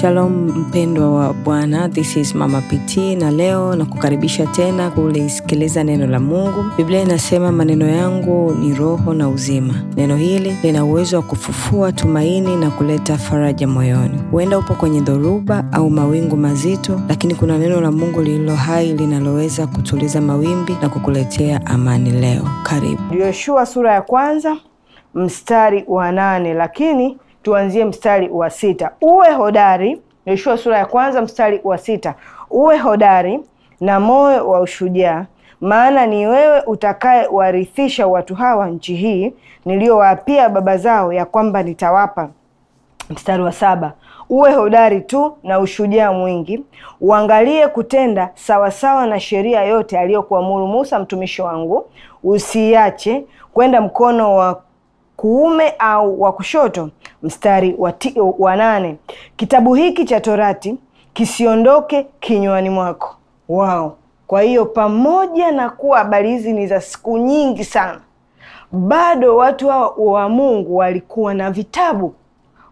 Shalom mpendwa wa Bwana, this is Mama PT na leo kukaribisha tena kulisikiliza neno la Mungu. Biblia inasema maneno yangu ni roho na uzima. Neno hili lina uwezo wa kufufua tumaini na kuleta faraja moyoni. Huenda upo kwenye dhoruba au mawingu mazito, lakini kuna neno la Mungu lililo hai linaloweza kutuliza mawimbi na kukuletea amani leo. Karibu Yoshua sura ya kwanza mstari wa nane lakini tuanzie mstari wa sita uwe hodari yoshua sura ya kwanza mstari wa sita uwe hodari na moyo wa ushujaa maana ni wewe utakayewarithisha watu hawa nchi hii niliyowaapia baba zao ya kwamba nitawapa mstari wa saba uwe hodari tu na ushujaa mwingi uangalie kutenda sawasawa na sheria yote aliyokuamuru musa mtumishi wangu usiache kwenda mkono wa kuume au wa kushoto mstari wa, ti, wa nane kitabu hiki cha torati kisiondoke kinywani mwako wao kwa hiyo pamoja na kuwa habari hizi ni za siku nyingi sana bado watu hao wa, wa mungu walikuwa na vitabu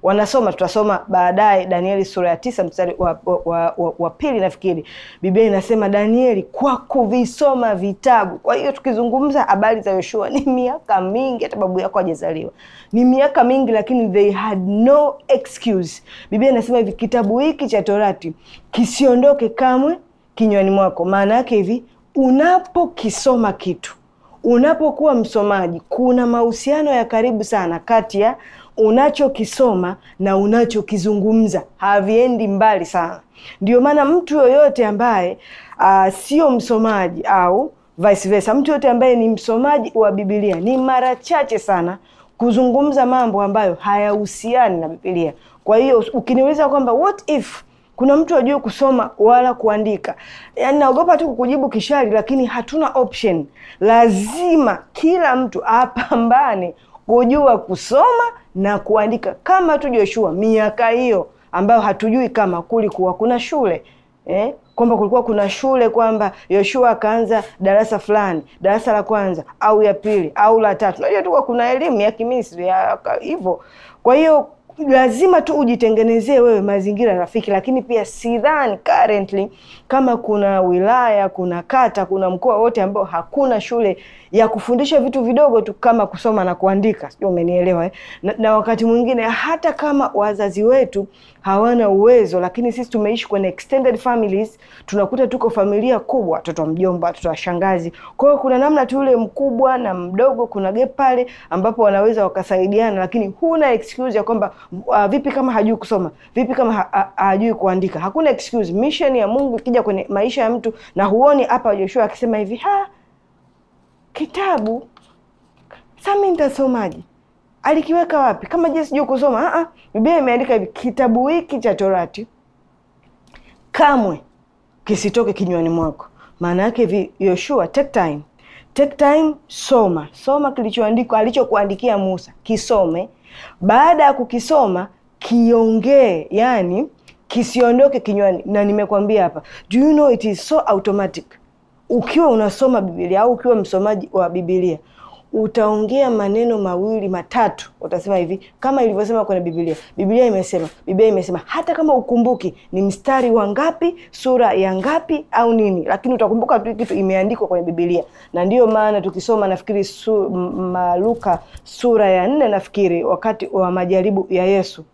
wanasoma, tutasoma baadaye Danieli sura ya tisa mstari wa, wa, wa, wa, wa pili nafikiri. Biblia inasema Danieli kwa kuvisoma vitabu. Kwa hiyo tukizungumza habari za Yoshua ni miaka mingi, hata babu yako hajazaliwa, ni miaka mingi, lakini they had no excuse. Biblia inasema hivi, kitabu hiki cha Torati kisiondoke kamwe kinywani mwako. Maana yake hivi, unapokisoma kitu unapokuwa msomaji, kuna mahusiano ya karibu sana kati ya unachokisoma na unachokizungumza haviendi mbali sana. Ndio maana mtu yoyote ambaye uh, sio msomaji au vice versa, mtu yoyote ambaye ni msomaji wa bibilia ni mara chache sana kuzungumza mambo ambayo hayahusiani na bibilia Kwa hiyo ukiniuliza kwamba what if kuna mtu ajue kusoma wala kuandika, yaani naogopa tu kukujibu kishari, lakini hatuna option. Lazima kila mtu apambane kujua kusoma na kuandika kama tu Joshua miaka hiyo ambayo hatujui kama kulikuwa kuna shule eh? kwamba kulikuwa kuna shule kwamba Yoshua akaanza darasa fulani, darasa la kwanza au ya pili au la tatu. Unajua tu kuna elimu ya Kimisri hivyo. Kwa hiyo lazima tu ujitengenezee wewe mazingira rafiki, lakini pia sidhani currently kama kuna wilaya, kuna kata, kuna mkoa wote ambao hakuna shule ya kufundisha vitu vidogo tu kama kusoma na kuandika, sijui umenielewa eh? Na, na wakati mwingine hata kama wazazi wetu hawana uwezo, lakini sisi tumeishi kwenye extended families, tunakuta tuko familia kubwa, watoto wa mjomba, watoto wa shangazi. Kwa hiyo kuna namna tu yule mkubwa na mdogo, kuna gap pale ambapo wanaweza wakasaidiana, lakini huna excuse ya kwamba uh, vipi kama hajui kusoma, vipi kama ha, hajui kuandika. Hakuna excuse. Mission ya Mungu ikija kwenye maisha ya mtu, na huoni hapa Joshua akisema hivi ha kitabu Sami ntasomaji Alikiweka wapi? Kama je sijui kusoma? Ah, ah, Biblia imeandika hivi, kitabu hiki cha Torati kamwe kisitoke kinywani mwako. Maana yake hivi, Yoshua, take time, take time, soma soma kilichoandikwa, alichokuandikia Musa kisome. Baada ya kukisoma kiongee, yani kisiondoke kinywani. Na nimekwambia hapa, do you know it is so automatic ukiwa unasoma bibilia au ukiwa msomaji wa bibilia utaongea maneno mawili matatu, utasema hivi kama ilivyosema kwenye bibilia bibilia imesema, Biblia imesema, hata kama ukumbuki ni mstari wa ngapi, sura ya ngapi au nini, lakini utakumbuka tu kitu imeandikwa kwenye bibilia Na ndiyo maana tukisoma, nafikiri su, Maluka sura ya nne, nafikiri wakati wa majaribu ya Yesu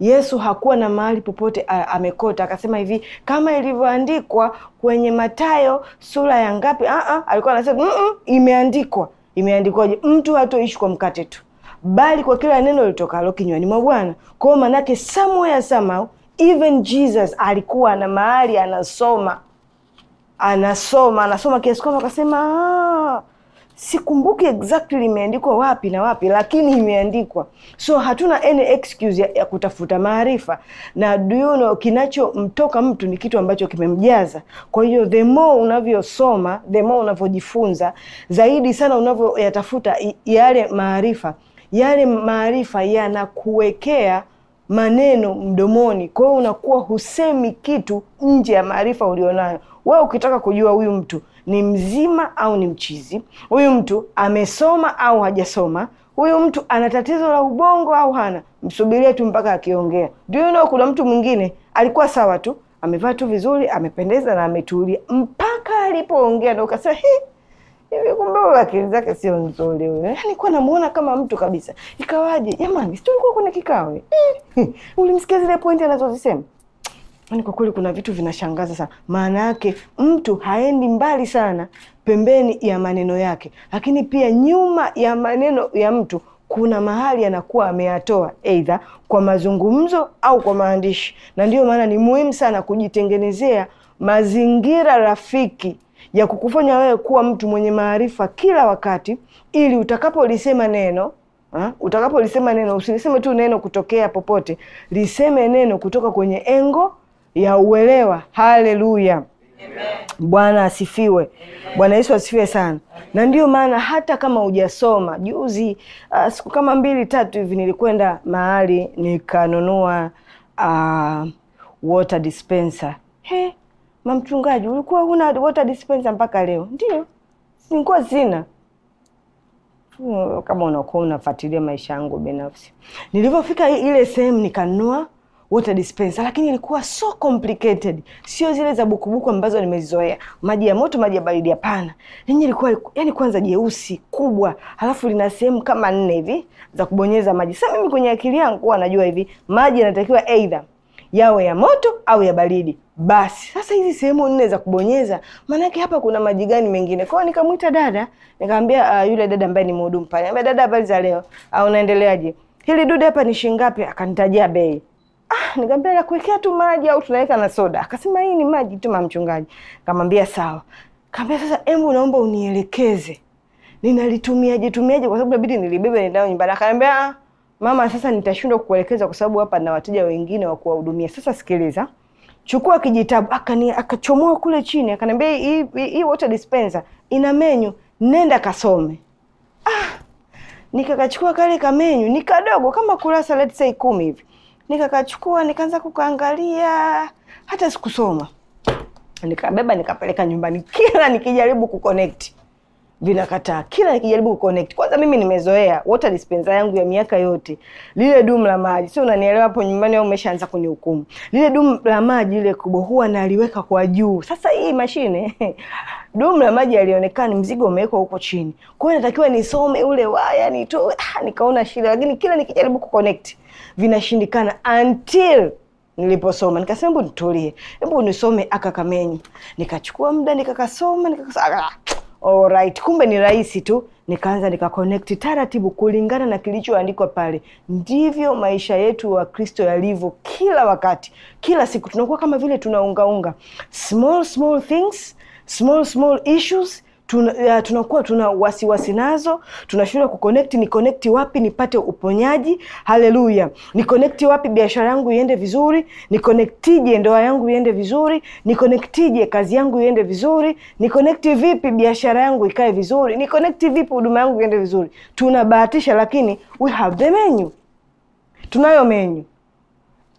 Yesu hakuwa na mahali popote amekota. Akasema hivi kama ilivyoandikwa kwenye Mathayo sura ya ngapi? A alikuwa anasema mm -mm, imeandikwa. Imeandikwaje? mtu hatoishi kwa mkate tu, bali kwa kila neno litokalo kinywani mwa Bwana. Kwao hiyo manake somewhere somehow even Jesus alikuwa na mahali anasoma anasoma anasoma kiasi kwamba akasema ah, sikumbuki exactly imeandikwa wapi na wapi, lakini imeandikwa. So hatuna any excuse ya, ya kutafuta maarifa na do you know, kinachomtoka mtu ni kitu ambacho kimemjaza. Kwa hiyo the more unavyosoma, the more unavyojifunza zaidi sana, unavyoyatafuta yale maarifa, yale maarifa yanakuwekea maneno mdomoni. Kwa hiyo unakuwa husemi kitu nje ya maarifa ulionayo wewe. Ukitaka kujua huyu mtu ni mzima au ni mchizi, huyu mtu amesoma au hajasoma, huyu mtu ana tatizo la ubongo au hana, msubirie tu mpaka akiongea. Do you know, kuna mtu mwingine alikuwa sawa tu, amevaa tu vizuri, amependeza na ametulia mpaka alipoongea, na ukasema Hivi kumbe akili zake sio nzuri huyo. Yaani nilikuwa namuona kama mtu kabisa. Ikawaje? Jamani, si tulikuwa kuna kikao. Eh, eh, ulimsikia zile pointi anazozisema? Yaani kwa kweli kuna vitu vinashangaza sana. Maana yake mtu haendi mbali sana pembeni ya maneno yake, lakini pia nyuma ya maneno ya mtu kuna mahali anakuwa ameyatoa aidha kwa mazungumzo au kwa maandishi, na ndiyo maana ni muhimu sana kujitengenezea mazingira rafiki ya kukufanya wewe kuwa mtu mwenye maarifa kila wakati, ili utakapolisema neno ha? utakapolisema neno usiliseme tu neno kutokea popote, liseme neno kutoka kwenye engo ya uelewa. Haleluya! Bwana asifiwe. Bwana Yesu asifiwe sana. Na ndio maana hata kama hujasoma juzi, uh, siku kama mbili tatu hivi nilikwenda mahali nikanunua uh, water dispenser. hey, Ma mchungaji, ulikuwa huna water dispenser mpaka leo? Ndio, sinikuwa sina kama unakuwa unafuatilia maisha yangu binafsi. Nilivyofika ile sehemu nikanunua water dispenser, lakini ilikuwa so complicated, sio zile za bukubuku ambazo nimezoea, maji ya moto, maji ya baridi, hapana. Lenye ilikuwa yani, kwanza jeusi kubwa, halafu lina sehemu kama nne hivi za kubonyeza maji. Sasa mimi kwenye akili yangu huwa najua hivi maji yanatakiwa either yawe ya moto au ya baridi. Basi sasa hizi sehemu nne za kubonyeza, maanake hapa kuna maji gani mengine? Kwa hiyo nikamwita dada, nikamwambia uh, yule dada ambaye ni mhudumu pale, ambaye dada, habari za leo, uh, unaendeleaje? Hili dude hapa ni shilingi ngapi? Akanitajia bei. Ah, nikamwambia la kuwekea tu maji au tunaweka na soda? Akasema hii ni maji tu, ma mchungaji. kamwambia sawa. kamwambia sasa, hebu naomba unielekeze ninalitumiaje tumiaje, kwa sababu inabidi nilibebe niendao nyumbani. Akaniambia ah, mama, sasa nitashindwa kukuelekeza kwa sababu hapa na wateja wengine wa kuwahudumia. Sasa sikiliza chukua kijitabu, akani akachomoa kule chini, akaniambia hii hii water dispenser ina menyu, nenda kasome. Ah, nikakachukua kale kamenyu, ni kadogo kama kurasa let's say kumi hivi, nikakachukua nikaanza kukaangalia, hata sikusoma, nikabeba nikapeleka nyumbani, kila nikijaribu kuconnect vinakataa kila nikijaribu kuconnect. Kwanza mimi nimezoea water dispenser yangu ya miaka yote, lile dumu la maji, sio unanielewa hapo nyumbani au umeshaanza kunihukumu. Lile dumu la maji lile kubwa huwa naliweka kwa juu. Sasa hii mashine dumu la maji alionekana mzigo umewekwa huko chini, kwa hiyo natakiwa nisome ule waya nitoe. Ah, nikaona shida, lakini kila nikijaribu kuconnect vinashindikana until niliposoma nikasema, hebu nitulie, hebu nisome Akakamenyi. Nikachukua muda nikakasoma, nikakasoma ah, alright kumbe ni rahisi tu nikaanza nikaconnect taratibu kulingana na kilichoandikwa pale ndivyo maisha yetu wa kristo yalivyo kila wakati kila siku tunakuwa kama vile tunaungaunga small small things small small issues Eh, tunakuwa tuna, tuna, tuna wasiwasi nazo, tunashindwa ku Ni konekti wapi nipate uponyaji? Haleluya! Ni konekti wapi biashara yangu iende vizuri? Ni konektije ndoa yangu iende vizuri? Ni konektije kazi yangu iende vizuri? Ni konekti vipi biashara yangu ikae vizuri? Ni konekti vipi huduma yangu iende vizuri? Tunabahatisha, lakini we have the menu, tunayo menyu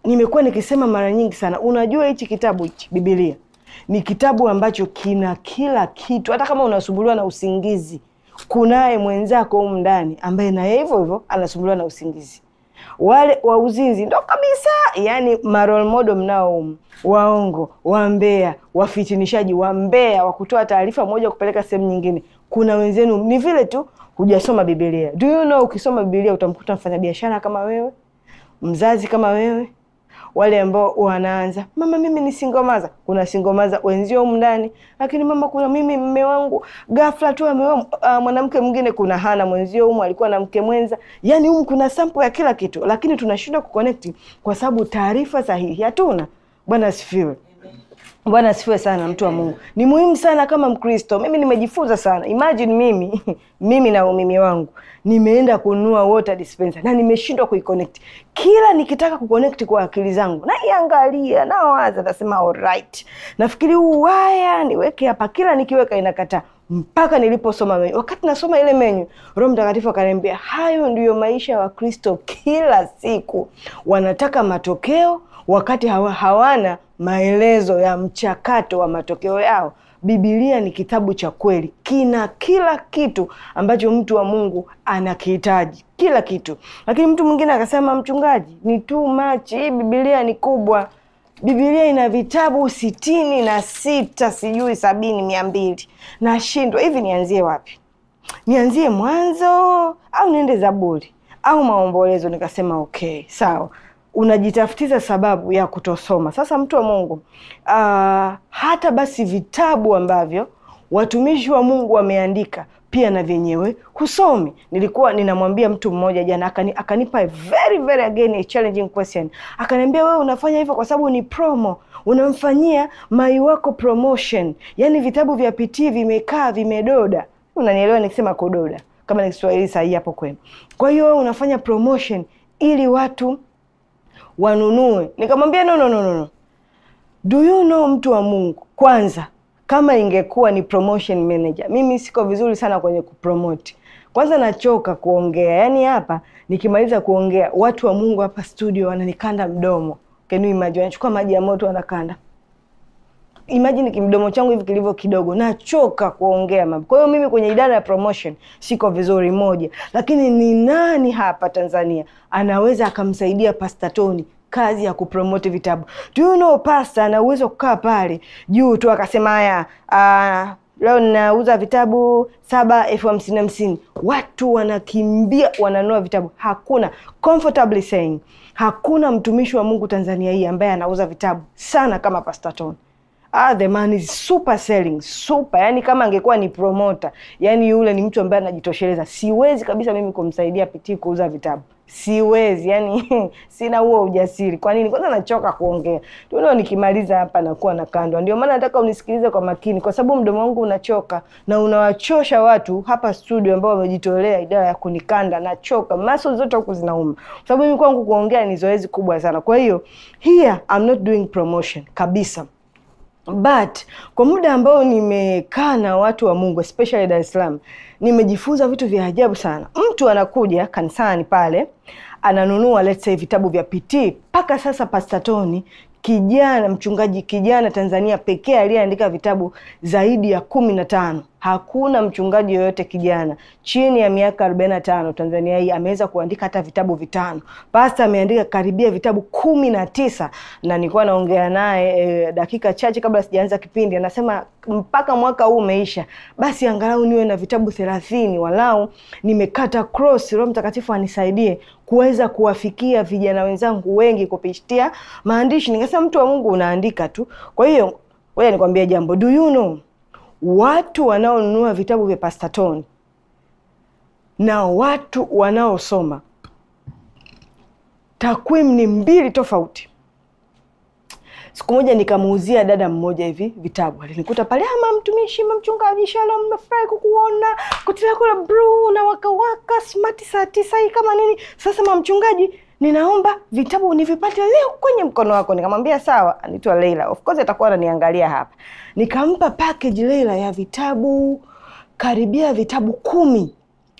Nimekuwa nikisema mara nyingi sana, unajua hichi kitabu hichi bibilia ni kitabu ambacho kina kila kitu. Hata kama unasumbuliwa na usingizi, kunaye mwenzako humu ndani ambaye naye hivyo hivyo anasumbuliwa na usingizi. Wale wa uzinzi ndo kabisa, yani marolmodo mnao humu, waongo, wambea, wafitinishaji, wambea wa kutoa taarifa moja kupeleka sehemu nyingine. Kuna wenzenu ni vile tu hujasoma bibilia Do you know, ukisoma bibilia utamkuta mfanyabiashara kama wewe, mzazi kama wewe wale ambao wanaanza mama, mimi ni singomaza. Kuna singomaza wenzio humu ndani, lakini mama, kuna mimi mme wangu ghafla tu ameoa uh, mwanamke mwingine. Kuna hana mwenzio humu alikuwa na mke mwenza. Yani humu kuna sample ya kila kitu, lakini tunashindwa kuconnect kwa sababu taarifa sahihi hatuna. Bwana asifiwe. Bwana asifiwe sana, mtu wa Mungu. Ni muhimu sana kama Mkristo. Mimi nimejifunza sana. Imagine mimi mimi na umimi wangu nimeenda kununua water dispenser na nimeshindwa kuiconnect. Kila nikitaka kuconnect kwa akili zangu naiangalia, nawaza, nasema alright, nafikiri huu waya niweke hapa. Kila nikiweka inakataa mpaka niliposoma menyu. Wakati nasoma ile menyu, Roho Mtakatifu akaniambia hayo ndiyo maisha ya Wakristo. Kila siku wanataka matokeo wakati hawana maelezo ya mchakato wa matokeo yao. Biblia ni kitabu cha kweli, kina kila kitu ambacho mtu wa Mungu anakihitaji, kila kitu. Lakini mtu mwingine akasema, mchungaji, ni too much hii Biblia ni kubwa. Biblia ina vitabu sitini na sita sijui sabini mia mbili nashindwa hivi, nianzie wapi? Nianzie Mwanzo au niende Zaburi au Maombolezo? Nikasema okay, sawa unajitafutiza sababu ya kutosoma. Sasa mtu wa Mungu, uh, hata basi vitabu ambavyo watumishi wa Mungu wameandika pia na vyenyewe husomi. Nilikuwa ninamwambia mtu mmoja jana akani, akanipa very very again a challenging question, akaniambia wewe unafanya hivyo kwa sababu ni promo, unamfanyia mai wako promotion. Yani vitabu vya pitii vimekaa vimedoda, unanielewa nikisema kudoda, kama ni Kiswahili sahihi hapo kwenu. Kwa hiyo wewe unafanya promotion ili watu wanunue. Nikamwambia no, no, no, no. Do you know mtu wa Mungu, kwanza kama ingekuwa ni promotion manager, mimi siko vizuri sana kwenye kupromote. Kwanza nachoka kuongea, yaani hapa nikimaliza kuongea watu wa Mungu hapa studio wananikanda mdomo. Can you imagine? Wanachukua maji ya moto wanakanda imagine kimdomo changu hivi kilivyo kidogo, nachoka kuongea mambo. Kwa hiyo mimi kwenye idara ya promotion siko vizuri moja, lakini ni nani hapa Tanzania anaweza akamsaidia Pastor Tony kazi ya kupromote vitabu? Do you know pastor ana uwezo kukaa pale juu tu akasema haya, uh, leo ninauza vitabu saba elfu hamsini hamsini. Watu wanakimbia wananua vitabu. Hakuna comfortably saying, hakuna mtumishi wa Mungu Tanzania hii ambaye anauza vitabu sana kama Pastor Tony ah, the man is super selling super. Yani kama angekuwa ni promoter, yani yule ni mtu ambaye anajitosheleza. Siwezi kabisa mimi kumsaidia Pitii kuuza vitabu, siwezi yani sina huo ujasiri. Kwa nini? Kwanza nachoka kuongea tu, leo nikimaliza hapa nakuwa na kandwa. Ndio maana nataka unisikilize kwa makini, kwa sababu mdomo wangu unachoka na unawachosha watu hapa studio ambao wamejitolea idara ya kunikanda. Nachoka, maso zote huku zinauma, kwa sababu mimi kwangu kuongea ni zoezi kubwa sana. Kwa hiyo here I'm not doing promotion kabisa but kwa muda ambao nimekaa na watu wa Mungu especially Dar es Salaam, nimejifunza vitu vya ajabu sana. Mtu anakuja kanisani pale ananunua let's say vitabu vya PT mpaka sasa Pastor Tony kijana mchungaji kijana Tanzania pekee aliyeandika vitabu zaidi ya kumi na tano hakuna mchungaji yoyote kijana chini ya miaka 45 Tanzania hii ameweza kuandika hata vitabu vitano. Pasta ameandika karibia vitabu kumi na tisa na nilikuwa naongea naye e, dakika chache kabla sijaanza kipindi, anasema mpaka mwaka huu umeisha, basi angalau niwe na vitabu thelathini walau nimekata cross. Roho Mtakatifu anisaidie kuweza kuwafikia vijana wenzangu wengi kupitia maandishi. Nikasema mtu wa Mungu unaandika tu. Kwa hiyo ngoja nikwambie jambo, do you know watu wanaonunua vitabu vya pastatoni na watu wanaosoma takwimu ni mbili tofauti. Siku moja nikamuuzia dada mmoja hivi vitabu, alinikuta pale, ah, ama mtumishi, mamchungaji shalom, kukuona, kutilakula lako na wakawaka smati saa tisa hii kama nini. Sasa mamchungaji ninaomba vitabu nivipate leo kwenye mkono wako. Nikamwambia sawa, anaitwa Leila, of course atakuwa ananiangalia hapa. Nikampa package Leila ya vitabu karibia vitabu kumi,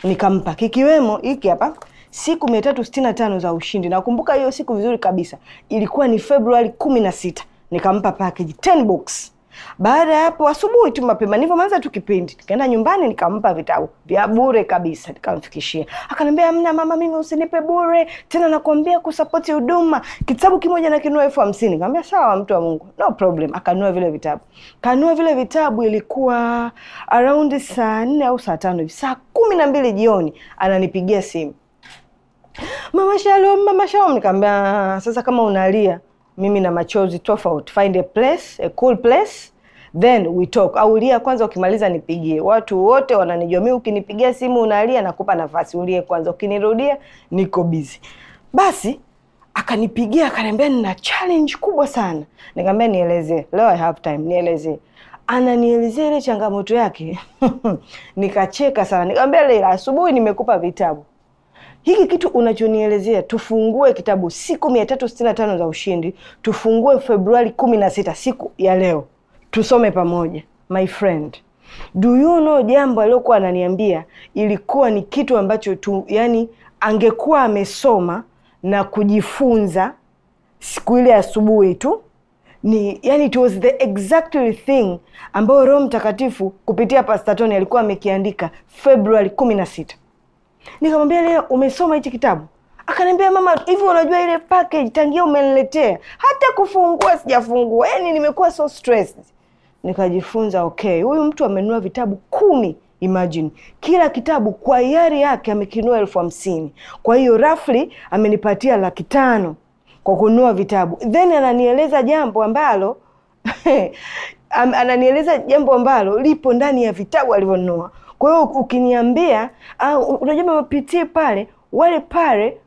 nikampa kikiwemo hiki hapa siku mia tatu sitini na tano za ushindi. Nakumbuka hiyo siku vizuri kabisa, ilikuwa ni Februari kumi na sita. Nikampa package 10 books baada ya hapo, asubuhi tu mapema nilipo nilivyomaliza tu kipindi, nikaenda nyumbani nikampa vitabu vya bure kabisa, nikamfikishia. Akaniambia, amna mama, mimi usinipe bure tena, nakwambia kusapoti huduma, kitabu kimoja na kinua elfu hamsini. Nikamwambia sawa, mtu wa Mungu, no problem. Akanua vile vitabu, kanua vile vitabu, ilikuwa around saa nne au saa tano hivi, saa kumi na mbili jioni ananipigia simu, mama Shalom, mama Shalom. Nikamwambia sasa, kama unalia mimi na machozi tofauti, find a place, a cool place then we talk. Aulia kwanza, ukimaliza nipigie. Watu wote wananijua mimi, ukinipigia simu unalia, nakupa nafasi, ulie kwanza, ukinirudia niko busy. Basi akanipigia akaniambia, nina challenge kubwa sana. Nikamwambia nielezee, leo I have time, nieleze. ananielezea ile changamoto yake nikacheka sana, nikamwambia leo asubuhi nimekupa vitabu hiki kitu unachonielezea, tufungue kitabu siku mia tatu sitini na tano za ushindi, tufungue Februari kumi na sita siku ya leo, tusome pamoja. My friend, do you know, jambo aliyokuwa ananiambia ilikuwa ni kitu ambacho tu, yani angekuwa amesoma na kujifunza siku ile asubuhi tu ni yani, it was the exactly thing ambayo Roho Mtakatifu kupitia Pastor Tony alikuwa amekiandika Februari kumi na sita. Nikamwambia leo umesoma hichi kitabu? Akaniambia mama, hivi unajua ile package tangia umeniletea hata kufungua sijafungua, yaani nimekuwa so stressed. Nikajifunza okay, huyu mtu amenunua vitabu kumi Imagine kila kitabu kwa hiari yake amekinua elfu hamsini kwa hiyo rafli amenipatia laki tano kwa kununua vitabu, then ananieleza jambo ambalo ananieleza jambo ambalo lipo ndani ya vitabu alivyonunua. Kwa hiyo ukiniambia, ah, unajua mapitie pale wale pale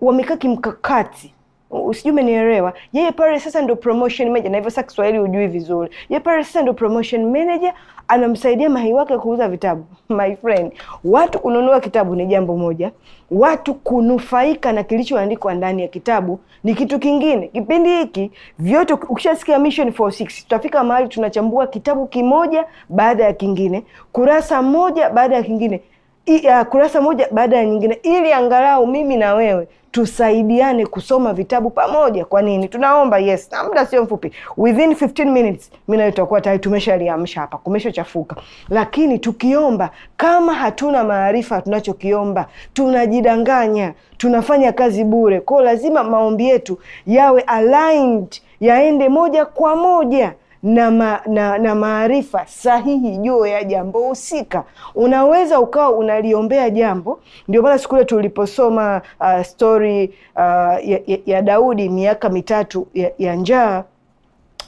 wamekaa kimkakati usijui umenielewa. Yeye pale sasa ndo promotion manager, na hivyo sasa Kiswahili hujui vizuri. Yeye pale sasa ndo promotion manager, anamsaidia mahi wake kuuza vitabu. My friend, watu kununua kitabu ni jambo moja, watu kunufaika na kilichoandikwa ndani ya kitabu ni kitu kingine. Kipindi hiki vyote, ukishasikia Mission 46 tutafika mahali tunachambua kitabu kimoja baada ya kingine, kurasa moja baada ya kingine I, uh, kurasa moja baada ya nyingine, ili angalau mimi na wewe tusaidiane kusoma vitabu pamoja. Kwa nini? Tunaomba yes, na muda sio mfupi, within 15 minutes mimi nayo itakuwa tayari tumeshaliamsha hapa, kumeshachafuka. Lakini tukiomba kama hatuna maarifa tunachokiomba, tunajidanganya, tunafanya kazi bure. Kwa lazima maombi yetu yawe aligned, yaende moja kwa moja na, ma, na, na maarifa sahihi juu ya jambo husika. Unaweza ukawa unaliombea jambo. Ndio maana siku ile tuliposoma uh, stori uh, ya, ya, ya Daudi miaka mitatu ya, ya njaa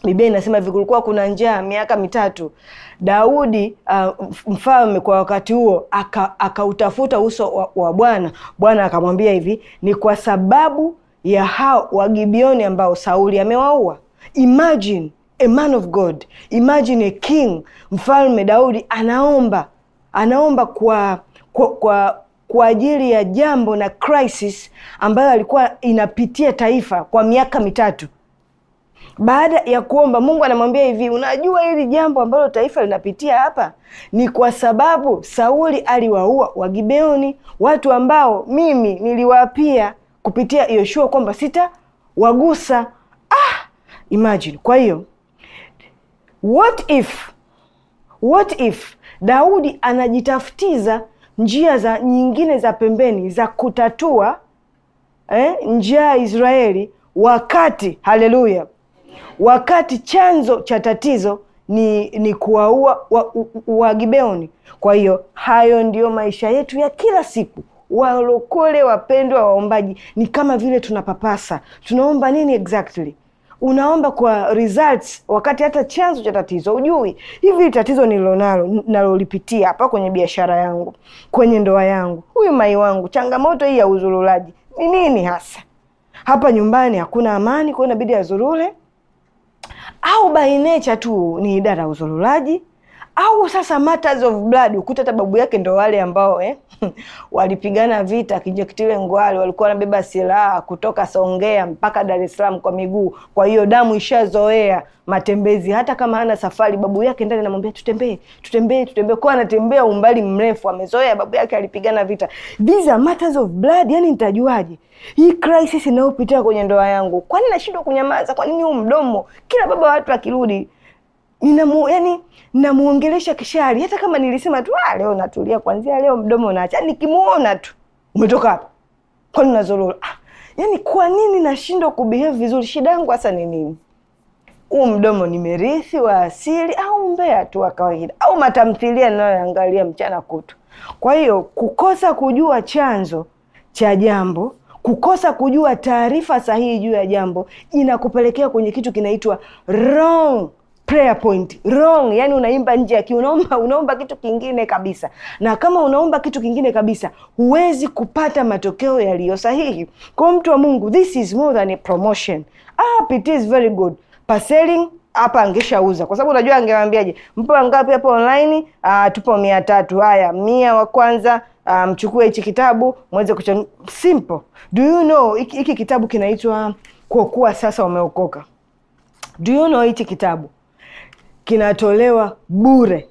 Biblia inasema hivi, kulikuwa kuna njaa miaka mitatu. Daudi uh, mfalme kwa wakati huo akautafuta aka uso wa, wa Bwana. Bwana akamwambia hivi, ni kwa sababu ya hao Wagibioni ambao Sauli amewaua. Imagine a man of god imagine a king mfalme daudi anaomba anaomba kwa kwa, kwa kwa ajili ya jambo na crisis ambayo alikuwa inapitia taifa kwa miaka mitatu baada ya kuomba mungu anamwambia hivi unajua hili jambo ambalo taifa linapitia hapa ni kwa sababu sauli aliwaua wagibeoni watu ambao mimi niliwapia kupitia yoshua kwamba wagusa ah, imagine kwa hiyo what if what if Daudi anajitafutiza njia za nyingine za pembeni za kutatua eh, njia ya Israeli wakati haleluya, wakati chanzo cha tatizo ni ni kuwaua Wagibeoni wa kwa hiyo hayo ndiyo maisha yetu ya kila siku. Walokole wapendwa waombaji, ni kama vile tunapapasa, tunaomba nini exactly? unaomba kwa results, wakati hata chanzo cha tatizo hujui. Hivi tatizo nilonalo nalolipitia hapa kwenye biashara yangu, kwenye ndoa yangu, huyu mai wangu, changamoto hii ya uzurulaji ni nini hasa? Hapa nyumbani hakuna amani, kwa hiyo inabidi azurule, au by nature tu ni idara ya uzurulaji au sasa matters of blood ukuta hata babu yake ndo wale ambao eh, walipigana vita Kinjekitile Ngwale, walikuwa wanabeba silaha kutoka Songea mpaka Dar es Salaam kwa miguu. Kwa hiyo damu ishazoea matembezi, hata kama ana safari, babu yake ndani anamwambia tutembee, tutembee, tutembee, kwa anatembea umbali mrefu, amezoea babu yake alipigana vita. These are matters of blood, yani nitajuaje hii crisis inayopitia kwenye ndoa yangu? Kwani nashindwa kunyamaza? Kwa nini huu mdomo? Kila baba watu akirudi ninamu yani namuongelesha kishari, hata kama nilisema tu ah, leo natulia, kwanzia leo mdomo unaacha. Nikimuona tu umetoka hapa, kwa kwani unazorora? Ah, yani kwa nini nashindwa kubehave vizuri? Shida yangu hasa ni nini? Huu mdomo nimerithi wa asili au mbea tu wa kawaida au matamthilia ninayoangalia mchana kutu? Kwa hiyo kukosa kujua chanzo cha jambo kukosa kujua taarifa sahihi juu ya jambo inakupelekea kwenye kitu kinaitwa wrong prayer point wrong yani unaimba nje ya unaomba unaomba kitu kingine kabisa na kama unaomba kitu kingine kabisa huwezi kupata matokeo yaliyo sahihi kwa mtu wa mungu this is more than a promotion ah, it is very good Paselling, hapa angeshauza kwa sababu unajua angewambiaje mpo ngapi hapo online uh, tupo mia tatu haya mia wa kwanza ah, mchukue um, hichi kitabu mweze kuchangia simple do you know hiki kitabu kinaitwa kwa sasa umeokoka do you know hichi kitabu kinatolewa bure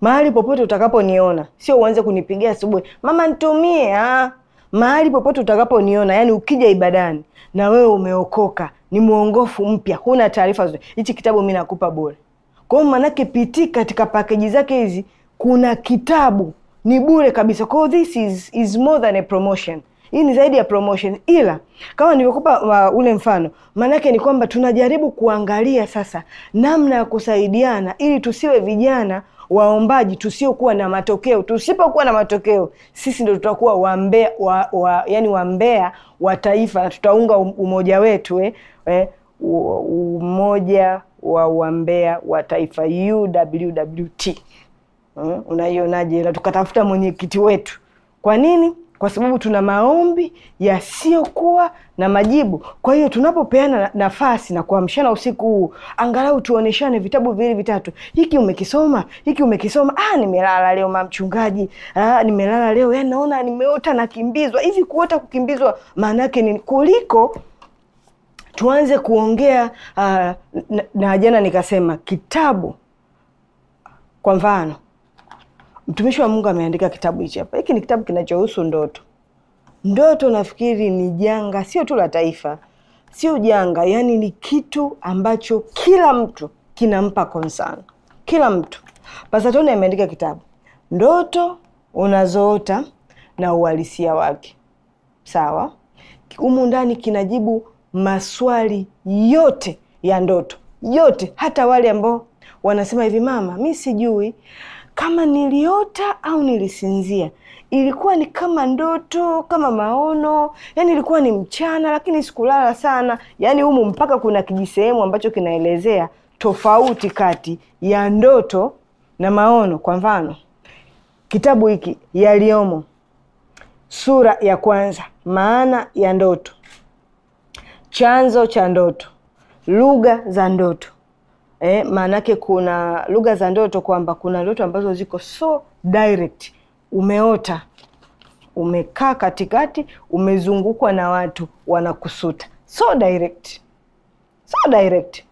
mahali popote utakaponiona, sio uanze kunipigia asubuhi, mama ntumie ah. mahali popote utakaponiona, yani ukija ibadani na wewe umeokoka, ni mwongofu mpya, huna taarifa zote, hichi kitabu mi nakupa bure. Kwa manake pitii katika pakeji zake hizi, kuna kitabu ni bure kabisa. kwao this is, is more than a promotion. Hii ni zaidi ya promotion, ila kama nimekupa ule mfano, maanake ni kwamba tunajaribu kuangalia sasa namna ya kusaidiana ili tusiwe vijana waombaji tusiokuwa na matokeo. Tusipokuwa na matokeo, sisi ndo tutakuwa wambea wa, wa, yani wambea wa taifa na tutaunga um, umoja wetu eh, eh, umoja wa wambea wa taifa UWWT. Uh, hmm, unaionaje? tukatafuta mwenyekiti wetu, kwa nini? kwa sababu tuna maombi yasiyokuwa na majibu. Kwa hiyo tunapopeana nafasi na kuamshana usiku huu, angalau tuoneshane vitabu viwili vitatu, hiki umekisoma, hiki umekisoma. Ah, nimelala leo mamchungaji, ah, nimelala leo, yaani naona nimeota nakimbizwa hivi. Kuota kukimbizwa maana yake ni kuliko tuanze kuongea uh, na, na jana nikasema kitabu kwa mfano Mtumishi wa Mungu ameandika kitabu hichi hapa. Hiki ni kitabu kinachohusu ndoto. Ndoto nafikiri ni janga, sio tu la taifa, sio janga, yani ni kitu ambacho kila mtu kinampa concern, kila mtu. Pastor Tony ameandika kitabu ndoto unazoota na uhalisia wake, sawa. Humu ndani kinajibu maswali yote ya ndoto yote, hata wale ambao wanasema hivi, mama, mi sijui kama niliota au nilisinzia. Ilikuwa ni kama ndoto, kama maono, yani ilikuwa ni mchana, lakini sikulala sana. Yani humu mpaka kuna kijisehemu ambacho kinaelezea tofauti kati ya ndoto na maono. Kwa mfano kitabu hiki yaliyomo, sura ya kwanza, maana ya ndoto, chanzo cha ndoto, lugha za ndoto eh, maanake kuna lugha za ndoto kwamba kuna ndoto ambazo ziko so direct, umeota umekaa katikati, umezungukwa na watu wanakusuta, so direct, so direct.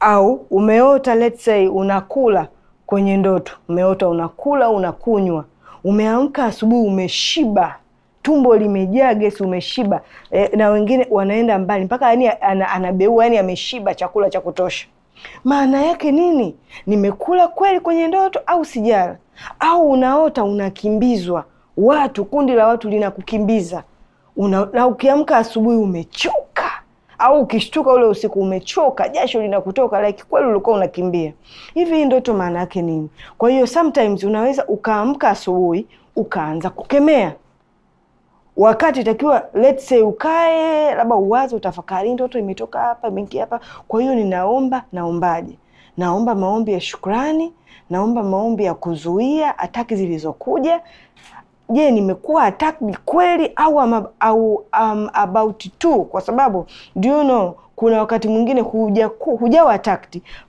Au umeota let's say unakula kwenye ndoto, umeota unakula unakunywa, umeamka asubuhi umeshiba tumbo limejaa gesi, umeshiba e, na wengine wanaenda mbali mpaka yani anabeua, yani ameshiba chakula cha kutosha. Maana yake nini? Nimekula kweli kwenye ndoto au sijala? Au unaota unakimbizwa, watu kundi la watu linakukimbiza na ukiamka asubuhi umechoka, au ukishtuka ule usiku umechoka, jasho linakutoka like kweli ulikuwa unakimbia. Hivi hii ndoto maana yake nini? Kwa hiyo sometimes unaweza ukaamka asubuhi ukaanza kukemea wakati takiwa let's say ukae labda uwazi utafakari ndoto imetoka hapa imeingia hapa kwa hiyo ninaomba naombaje naomba maombi ya shukrani naomba maombi ya kuzuia ataki zilizokuja je nimekuwa ataki kweli au, am, au um, about to kwa sababu do you know kuna wakati mwingine hujawa huja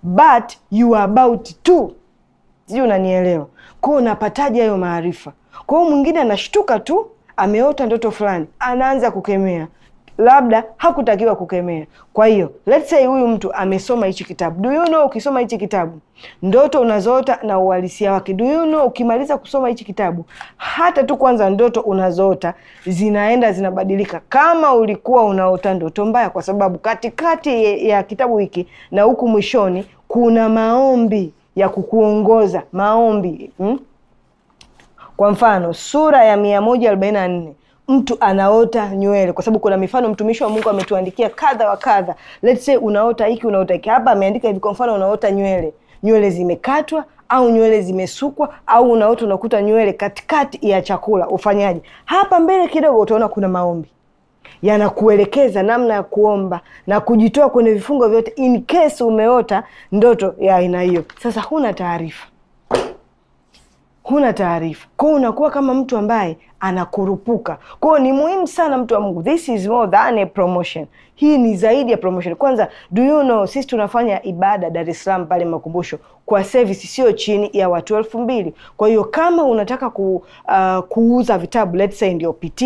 but you are about to sijui unanielewa kwao unapataje hayo maarifa kwao mwingine anashtuka tu ameota ndoto fulani, anaanza kukemea labda hakutakiwa kukemea. Kwa hiyo let's say huyu mtu amesoma hichi kitabu. Do you know, ukisoma hichi kitabu ndoto unazoota na uhalisia wake. Do you know, ukimaliza kusoma hichi kitabu, hata tu kwanza ndoto unazoota zinaenda zinabadilika, kama ulikuwa unaota ndoto mbaya, kwa sababu katikati ya kitabu hiki na huku mwishoni kuna maombi ya kukuongoza maombi hmm? Kwa mfano sura ya 144 mtu anaota nywele, kwa sababu kuna mifano mtumishi wa Mungu ametuandikia kadha wa kadha. Let's say unaota hiki, unaota hiki. Hapa ameandika hivi, kwa mfano unaota nywele, nywele zimekatwa au nywele zimesukwa au unaota unakuta nywele katikati ya chakula, ufanyaje? Hapa mbele kidogo utaona kuna maombi yanakuelekeza namna ya kuomba na kujitoa kwenye vifungo vyote in case umeota ndoto ya aina hiyo. Sasa huna taarifa huna taarifa kwao, unakuwa kama mtu ambaye anakurupuka. Kwao ni muhimu sana, mtu wa Mungu, this is more than a promotion. Hii ni zaidi ya promotion. Kwanza, do you know, sisi tunafanya ibada Dar es Salaam pale makumbusho kwa service sio chini ya watu elfu mbili. Kwa hiyo kama unataka ku, uh, kuuza vitabu let's say ndio PT,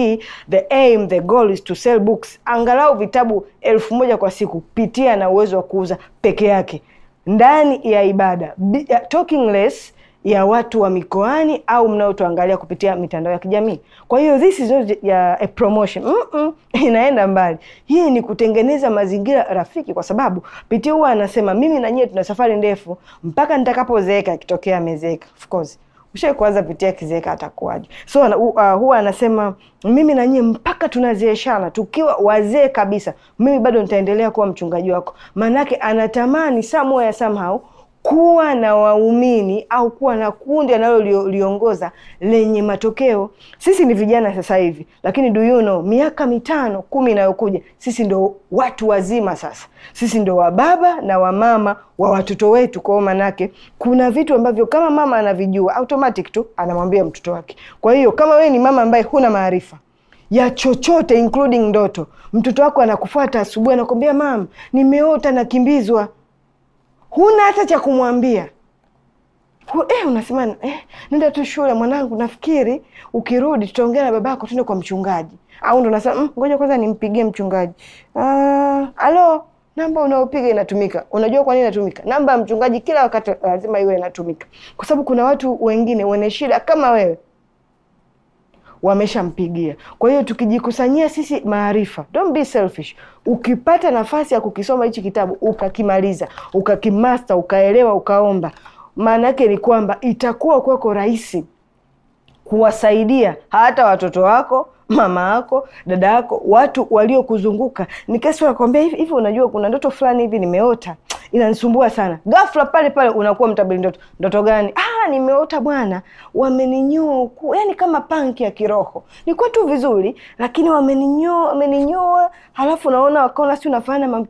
the aim the goal is to sell books, angalau vitabu elfu moja kwa siku. PT ana uwezo wa kuuza peke yake ndani ya ibada. Uh, talking less ya watu wa mikoani au mnaotuangalia kupitia mitandao ya kijamii. Kwa hiyo this is not ya a promotion. Mm -mm, inaenda mbali. Hii ni kutengeneza mazingira rafiki, kwa sababu Pitii huwa anasema mimi na nyie tuna safari ndefu mpaka nitakapozeeka, ikitokea amezeeka. Of course ushaikuanza Pitii akizeeka atakuwaje? So uh, huwa anasema mimi na nyie mpaka tunazeeshana, tukiwa wazee kabisa, mimi bado nitaendelea kuwa mchungaji wako, maanake anatamani somewhere somehow kuwa na waumini au kuwa na kundi analoliongoza lenye matokeo. Sisi ni vijana sasa hivi, lakini do you know, miaka mitano kumi inayokuja sisi ndo watu wazima sasa, sisi ndo wababa na wamama wa watoto wetu. Kwa manake kuna vitu ambavyo kama mama anavijua automatic tu anamwambia mtoto wake. Kwa hiyo kama wewe ni mama ambaye huna maarifa ya chochote including ndoto, mtoto wako anakufuata asubuhi anakwambia, mama, nimeota nakimbizwa huna hata cha kumwambia eh, unasema eh, nenda tu shule mwanangu, nafikiri ukirudi tutaongea na babako, tuende kwa mchungaji. Au ndo unasema mm, ngoja kwanza nimpigie mchungaji. Ah, alo, namba unaopiga inatumika. Unajua kwa nini inatumika? Namba ya mchungaji kila wakati lazima iwe inatumika, kwa sababu kuna watu wengine wenye shida kama wewe wameshampigia. Kwa hiyo tukijikusanyia sisi maarifa, don't be selfish. Ukipata nafasi ya kukisoma hichi kitabu ukakimaliza, ukakimasta, ukaelewa, ukaomba, maana yake ni kwamba itakuwa kwako rahisi kuwasaidia hata watoto wako mama yako dada yako, watu waliokuzunguka. Ni kesi hivi hivi, unajua kuna ndoto fulani hivi nimeota inanisumbua sana. Ghafla pale pale unakuwa mtabiri ndoto. Ndoto gani? Ah, nimeota bwana, wameninyoa yani kama panki ya kiroho. Nilikuwa tu vizuri, lakini wameninyoa, wameninyoa, halafu naona wakaona si unafanana na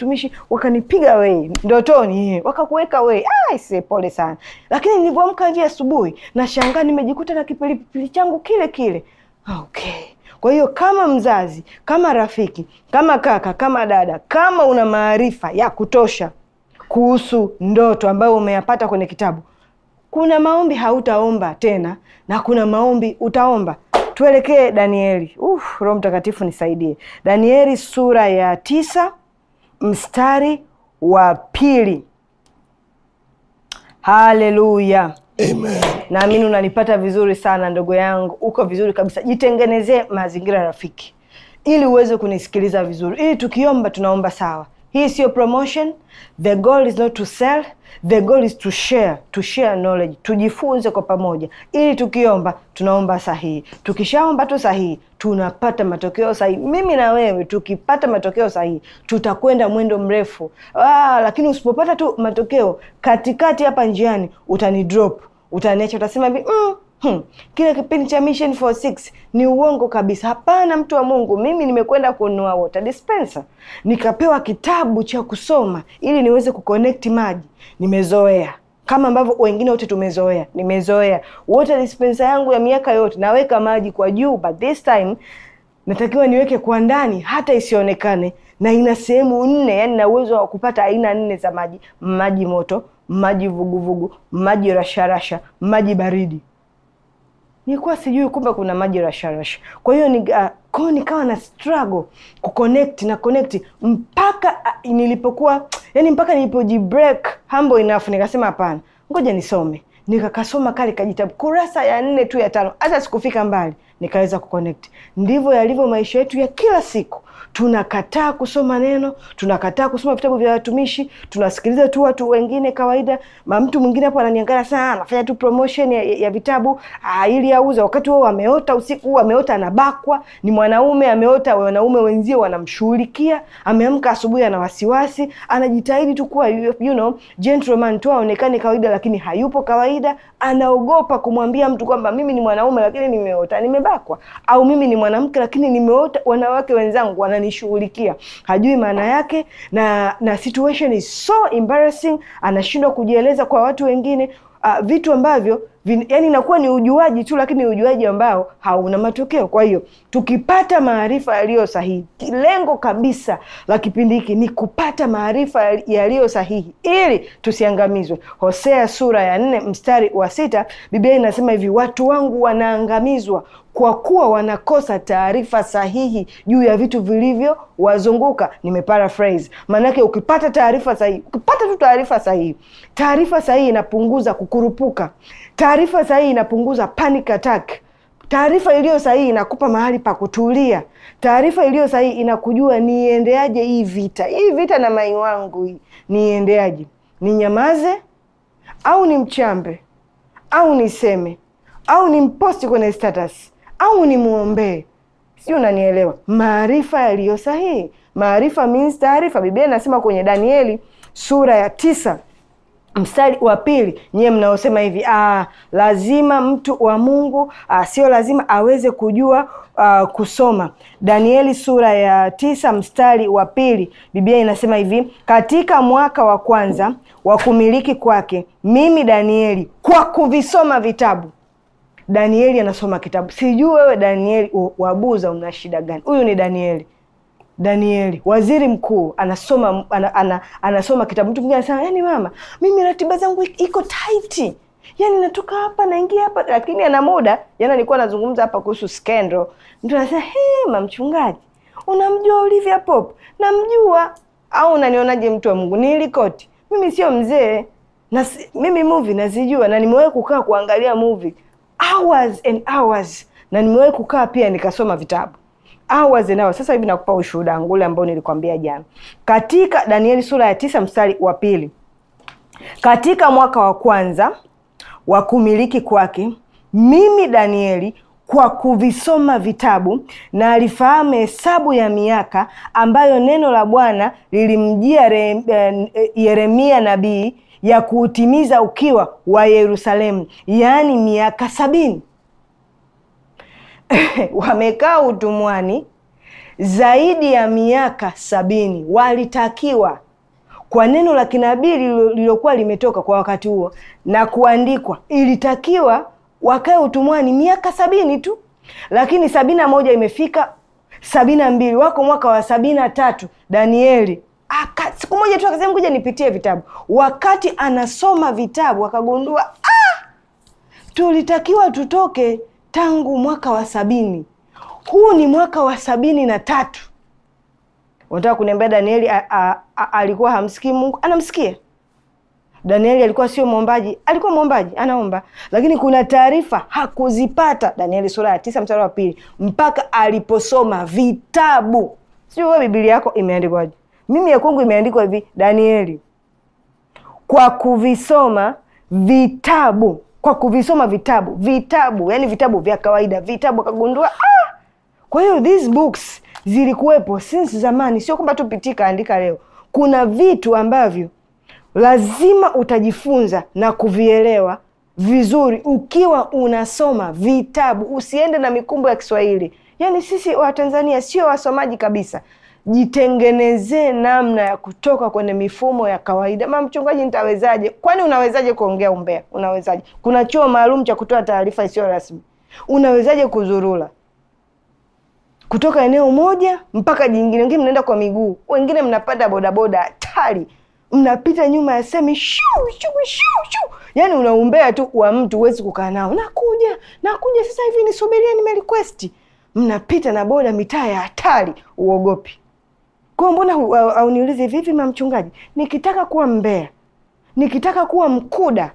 wakanipiga wewe ndotoni, eh, wakakuweka wewe. Ah, pole sana. Lakini nilipoamka hivi asubuhi, nashangaa nimejikuta na kipilipili changu kile kile. Okay. Kwa hiyo kama mzazi, kama rafiki, kama kaka, kama dada, kama una maarifa ya kutosha kuhusu ndoto ambayo umeyapata kwenye kitabu, kuna maombi hautaomba tena na kuna maombi utaomba. Tuelekee Danieli. Roho Mtakatifu nisaidie. Danieli sura ya tisa mstari wa pili. Haleluya, Naamini unanipata vizuri sana ndogo yangu, uko vizuri kabisa. Jitengenezee mazingira rafiki ili uweze kunisikiliza vizuri, ili tukiomba tunaomba sawa hii sio promotion. The goal is not to sell, the goal is to share, to share knowledge, tujifunze kwa pamoja, ili tukiomba tunaomba sahihi. Tukishaomba tu sahihi, tunapata matokeo sahihi. Mimi na wewe tukipata matokeo sahihi, tutakwenda mwendo mrefu. Ah, lakini usipopata tu matokeo katikati hapa njiani, drop utaniacha, utasema mm, Hmm. Kile kipindi cha Mission 46 ni uongo kabisa. Hapana, mtu wa Mungu, mimi nimekwenda kununua water dispenser, nikapewa kitabu cha kusoma ili niweze kuconnect maji. Nimezoea kama ambavyo wengine wote tumezoea, nimezoea water dispenser yangu ya miaka yote naweka maji kwa juu, but this time natakiwa niweke kwa ndani hata isionekane, na ina sehemu nne, yani na uwezo wa kupata aina nne za maji: maji moto, maji vuguvugu, maji rasharasha, maji baridi nilikuwa sijui kumbe kuna maji rasharasha. Kwa hiyo ni, uh, kwa nikawa na struggle kuconnect na connect mpaka uh, nilipokuwa yani, mpaka nilipojibreak humble enough nikasema hapana, ngoja nisome. Nikakasoma kale kajitabu kurasa ya nne tu ya tano, hata sikufika mbali nikaweza kuconnect. Ndivyo yalivyo maisha yetu ya kila siku tunakataa kusoma neno, tunakataa kusoma vitabu vya watumishi, tunasikiliza tu watu wengine kawaida. Ma mtu mwingine hapo ananiangana sana, anafanya tu promotion ya, ya vitabu ah, ili auza wakati huo ameota usiku huu, ameota anabakwa, ni mwanaume ameota, wanaume wenzie wanamshughulikia, ameamka asubuhi ana wasiwasi, anajitahidi tu kuwa you know, gentleman tu aonekane kawaida, lakini hayupo kawaida. Anaogopa kumwambia mtu kwamba mimi ni mwanaume lakini nimeota nimebakwa, au mimi ni mwanamke lakini nimeota wanawake wenzangu wanani ananishughulikia, hajui maana yake, na na situation is so embarrassing, anashindwa kujieleza kwa watu wengine. Uh, vitu ambavyo vin, yani inakuwa ni ujuaji tu, lakini ni ujuaji ambao hauna matokeo. Kwa hiyo tukipata maarifa yaliyo sahihi, lengo kabisa la kipindi hiki ni kupata maarifa yaliyo sahihi ili tusiangamizwe. Hosea sura ya nne mstari wa sita Biblia inasema hivi, watu wangu wanaangamizwa kwa kuwa wanakosa taarifa sahihi juu ya vitu wazunguka Nimeparaphrase, maanake ukipata taarifa sahihi, ukipata tu taarifa sahihi, taarifa sahihi inapunguza kukurupuka, taarifa sahihi inapunguza panic attack taarifa iliyo sahihi inakupa mahali pa kutulia. Taarifa iliyo sahihi inakujua niiendeaje hii vita, hii vita na mai wangu hii niiendeaje? Ninyamaze au mchambe au niseme au ni mposti kwenye status au nimwombee? Si unanielewa? Maarifa yaliyo sahihi. Maarifa means taarifa. Biblia inasema kwenye Danieli sura ya tisa mstari wa pili, nyie mnaosema hivi ah, lazima mtu wa Mungu ah, sio lazima aweze kujua ah, kusoma. Danieli sura ya tisa mstari wa pili, Biblia inasema hivi: katika mwaka wa kwanza wa kumiliki kwake, mimi Danieli, kwa kuvisoma vitabu Danieli anasoma kitabu. Sijui wewe Danieli Wabuza una shida gani? Huyu ni Danieli. Danieli waziri mkuu anasoma ana, ana, anasoma kitabu. Mtu mwingine anasema yani, mama, mimi ratiba zangu iko taiti yani natoka hapa naingia hapa, lakini ana muda. Jana yaani nilikuwa nazungumza hapa kuhusu skendo, mtu anasema hey, mama mchungaji, unamjua Olivia pop Namjua au unanionaje? Mtu wa Mungu, nilikoti mimi sio mzee na mimi movie nazijua na nimewahi kukaa kuangalia movie hours and hours na nimewahi kukaa pia nikasoma vitabu hours and hours. Sasa hivi nakupa ushuhuda wangu ule ambao nilikwambia jana, katika Danieli sura ya tisa mstari wa pili katika mwaka wa kwanza wa kumiliki kwake mimi Danieli kwa kuvisoma vitabu na alifahamu hesabu ya miaka ambayo neno la Bwana lilimjia eh, Yeremia nabii ya kuutimiza ukiwa wa Yerusalemu, yaani miaka sabini wamekaa utumwani zaidi ya miaka sabini. Walitakiwa kwa neno la kinabii lililokuwa limetoka kwa wakati huo na kuandikwa, ilitakiwa wakae utumwani miaka sabini tu, lakini sabini na moja imefika, sabini na mbili wako mwaka wa sabini na tatu Danieli Aka, siku moja tu akasema kuja nipitie vitabu. Wakati anasoma vitabu akagundua ah, tulitakiwa tutoke tangu mwaka wa sabini. Huu ni mwaka wa sabini na tatu. Unataka kuniambia Danieli alikuwa hamsikii Mungu? Anamsikia. Danieli alikuwa sio mwombaji, alikuwa mwombaji, anaomba, lakini kuna taarifa hakuzipata. Danieli sura ya tisa mstari wa pili mpaka aliposoma vitabu. Sijui wewe Biblia yako imeandikwaje? mimi ya kwangu imeandikwa hivi danieli kwa kuvisoma vitabu kwa kuvisoma vitabu vitabu yani vitabu vya kawaida vitabu akagundua ah! kwa hiyo these books zilikuwepo since zamani sio kwamba tu pitii leo kuna vitu ambavyo lazima utajifunza na kuvielewa vizuri ukiwa unasoma vitabu usiende na mikumbo ya kiswahili yaani sisi watanzania sio wasomaji kabisa jitengenezee namna ya kutoka kwenye mifumo ya kawaida. Ma mchungaji, nitawezaje? Kwani unawezaje kuongea umbea? Unawezaje? Kuna chuo maalum cha kutoa taarifa isiyo rasmi. Unawezaje kuzurula kutoka eneo moja mpaka jingine? Wengine mnaenda kwa miguu, wengine mnapanda bodaboda hatari, mnapita nyuma ya semi shu shu yani unaumbea tu wa mtu, huwezi kukaa nao. Nakuja nakuja sasa hivi, nisubirie, nime Mnapita na boda mitaa ya hatari, uogopi kwa mbona hauniulizi vivi mama mchungaji? Nikitaka kuwa mbea, nikitaka kuwa mkuda,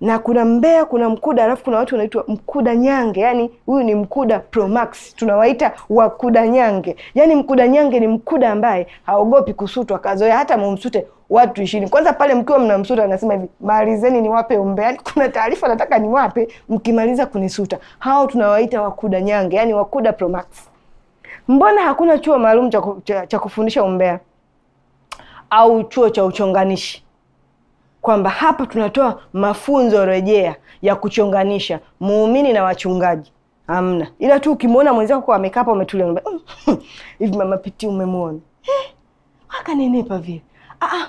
na kuna mbea, kuna mkuda, alafu kuna watu wanaitwa mkuda nyange. Yani huyu ni mkuda pro max, tunawaita wakuda nyange. Yani mkuda nyange ni mkuda ambaye haogopi kusutwa, kazoea hata mumsute watu ishirini. Kwanza pale mkiwa mnamsuta, anasema hivi, malizeni niwape umbe. Yani kuna taarifa nataka niwape, mkimaliza kunisuta. Hao tunawaita wakuda nyange, yani wakuda pro max mbona hakuna chuo maalum cha, cha, cha kufundisha umbea au chuo cha uchonganishi kwamba hapa tunatoa mafunzo rejea ya kuchonganisha muumini na wachungaji hamna ila tu ukimwona mwenzako kwa amekaa umetulia mm, mm, mm, hivi mama piti umemwona eh, akanenepa vile ah, ah